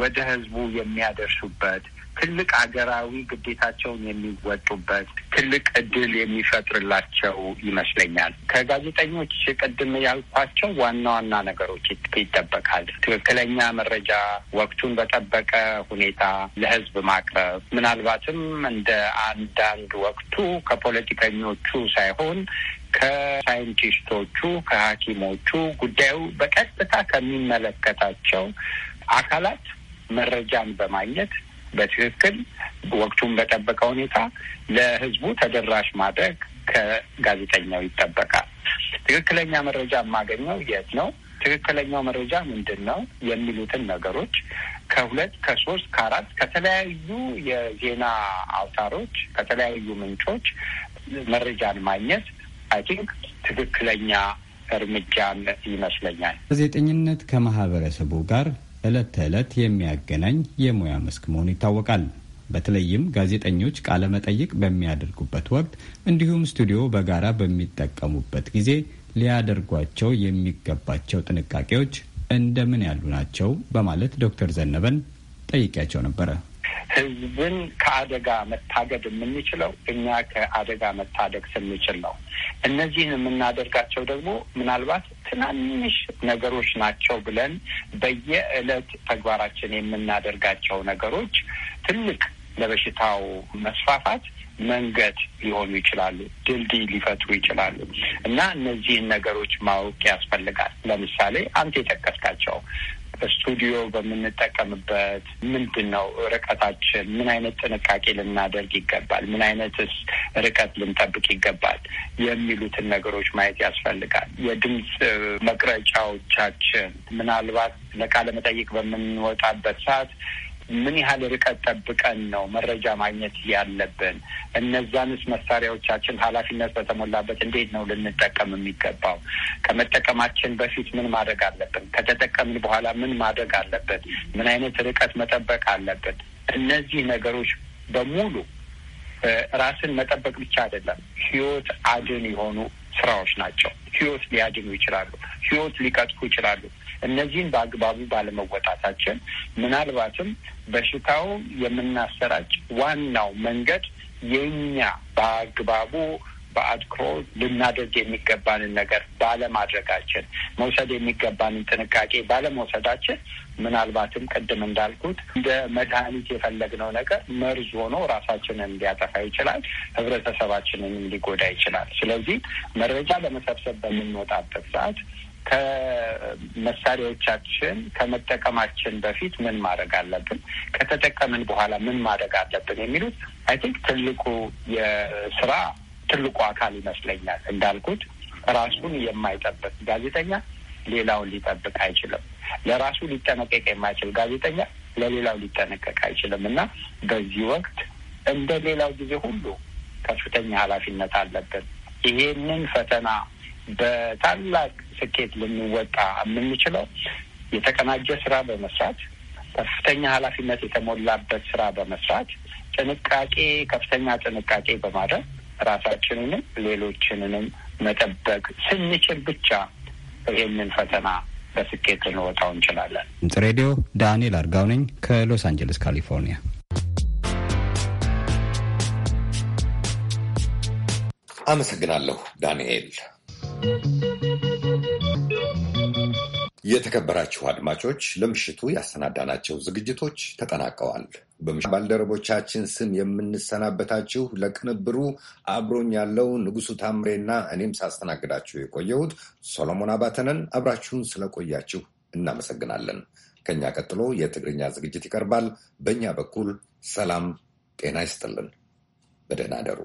ወደ ህዝቡ የሚያደርሱበት ትልቅ ሀገራዊ ግዴታቸውን የሚወጡበት ትልቅ እድል የሚፈጥርላቸው ይመስለኛል። ከጋዜጠኞች ቅድም ያልኳቸው ዋና ዋና ነገሮች ይጠበቃል። ትክክለኛ መረጃ ወቅቱን በጠበቀ ሁኔታ ለህዝብ ማቅረብ ምናልባትም እንደ አንዳንድ ወቅቱ ከፖለቲከኞቹ ሳይሆን ከሳይንቲስቶቹ፣ ከሐኪሞቹ ጉዳዩ በቀጥታ ከሚመለከታቸው አካላት መረጃን በማግኘት በትክክል ወቅቱን በጠበቀ ሁኔታ ለህዝቡ ተደራሽ ማድረግ ከጋዜጠኛው ይጠበቃል። ትክክለኛ መረጃ የማገኘው የት ነው? ትክክለኛው መረጃ ምንድን ነው? የሚሉትን ነገሮች ከሁለት ከሶስት ከአራት ከተለያዩ የዜና አውታሮች ከተለያዩ ምንጮች መረጃን ማግኘት አይ ቲንክ ትክክለኛ እርምጃን ይመስለኛል። ጋዜጠኝነት ከማህበረሰቡ ጋር ዕለት ተዕለት የሚያገናኝ የሙያ መስክ መሆኑ ይታወቃል። በተለይም ጋዜጠኞች ቃለ መጠይቅ በሚያደርጉበት ወቅት እንዲሁም ስቱዲዮ በጋራ በሚጠቀሙበት ጊዜ ሊያደርጓቸው የሚገባቸው ጥንቃቄዎች እንደምን ያሉ ናቸው? በማለት ዶክተር ዘነበን ጠይቂያቸው ነበረ። ህዝብን ከአደጋ መታገድ የምንችለው እኛ ከአደጋ መታደግ ስንችል ነው። እነዚህን የምናደርጋቸው ደግሞ ምናልባት ትናንሽ ነገሮች ናቸው ብለን በየዕለት ተግባራችን የምናደርጋቸው ነገሮች ትልቅ ለበሽታው መስፋፋት መንገድ ሊሆኑ ይችላሉ፣ ድልድይ ሊፈጥሩ ይችላሉ እና እነዚህን ነገሮች ማወቅ ያስፈልጋል። ለምሳሌ አንተ የጠቀስካቸው ስቱዲዮ በምንጠቀምበት ምንድን ነው ርቀታችን? ምን አይነት ጥንቃቄ ልናደርግ ይገባል? ምን አይነትስ ርቀት ልንጠብቅ ይገባል? የሚሉትን ነገሮች ማየት ያስፈልጋል። የድምፅ መቅረጫዎቻችን ምናልባት ለቃለ መጠይቅ በምንወጣበት ሰዓት ምን ያህል ርቀት ጠብቀን ነው መረጃ ማግኘት ያለብን? እነዛንስ መሳሪያዎቻችን ኃላፊነት በተሞላበት እንዴት ነው ልንጠቀም የሚገባው? ከመጠቀማችን በፊት ምን ማድረግ አለብን? ከተጠቀምን በኋላ ምን ማድረግ አለበት? ምን አይነት ርቀት መጠበቅ አለበት? እነዚህ ነገሮች በሙሉ ራስን መጠበቅ ብቻ አይደለም፣ ህይወት አድን የሆኑ ስራዎች ናቸው። ህይወት ሊያድኑ ይችላሉ። ህይወት ሊቀጥፉ ይችላሉ። እነዚህን በአግባቡ ባለመወጣታችን ምናልባትም በሽታው የምናሰራጭ ዋናው መንገድ የኛ በአግባቡ በአድክሮ ልናደርግ የሚገባንን ነገር ባለማድረጋችን፣ መውሰድ የሚገባንን ጥንቃቄ ባለመውሰዳችን ምናልባትም ቅድም እንዳልኩት እንደ መድኃኒት የፈለግነው ነገር መርዝ ሆኖ ራሳችንን ሊያጠፋ ይችላል፣ ህብረተሰባችንንም ሊጎዳ ይችላል። ስለዚህ መረጃ ለመሰብሰብ በምንወጣበት ሰዓት ከመሳሪያዎቻችን ከመጠቀማችን በፊት ምን ማድረግ አለብን፣ ከተጠቀምን በኋላ ምን ማድረግ አለብን የሚሉት አይ ቲንክ ትልቁ የስራ ትልቁ አካል ይመስለኛል። እንዳልኩት ራሱን የማይጠብቅ ጋዜጠኛ ሌላውን ሊጠብቅ አይችልም። ለራሱ ሊጠነቀቅ የማይችል ጋዜጠኛ ለሌላው ሊጠነቀቅ አይችልም እና በዚህ ወቅት እንደ ሌላው ጊዜ ሁሉ ከፍተኛ ኃላፊነት አለብን። ይሄንን ፈተና በታላቅ ስኬት ልንወጣ የምንችለው የተቀናጀ ስራ በመስራት ከፍተኛ ኃላፊነት የተሞላበት ስራ በመስራት ጥንቃቄ፣ ከፍተኛ ጥንቃቄ በማድረግ ራሳችንንም ሌሎችንንም መጠበቅ ስንችል ብቻ ይህንን ፈተና በስኬት ልንወጣው እንችላለን። ድምጽ ሬዲዮ ዳንኤል አርጋው ነኝ ከሎስ አንጀለስ ካሊፎርኒያ። አመሰግናለሁ ዳንኤል። የተከበራችሁ አድማጮች ለምሽቱ ያሰናዳናቸው ዝግጅቶች ተጠናቀዋል። በምሽ ባልደረቦቻችን ስም የምንሰናበታችሁ ለቅንብሩ አብሮኝ ያለው ንጉሱ ታምሬና እኔም ሳስተናግዳችሁ የቆየሁት ሶሎሞን አባተነን። አብራችሁን ስለቆያችሁ እናመሰግናለን። ከኛ ቀጥሎ የትግርኛ ዝግጅት ይቀርባል። በእኛ በኩል ሰላም ጤና ይስጥልን። በደህና አደሩ።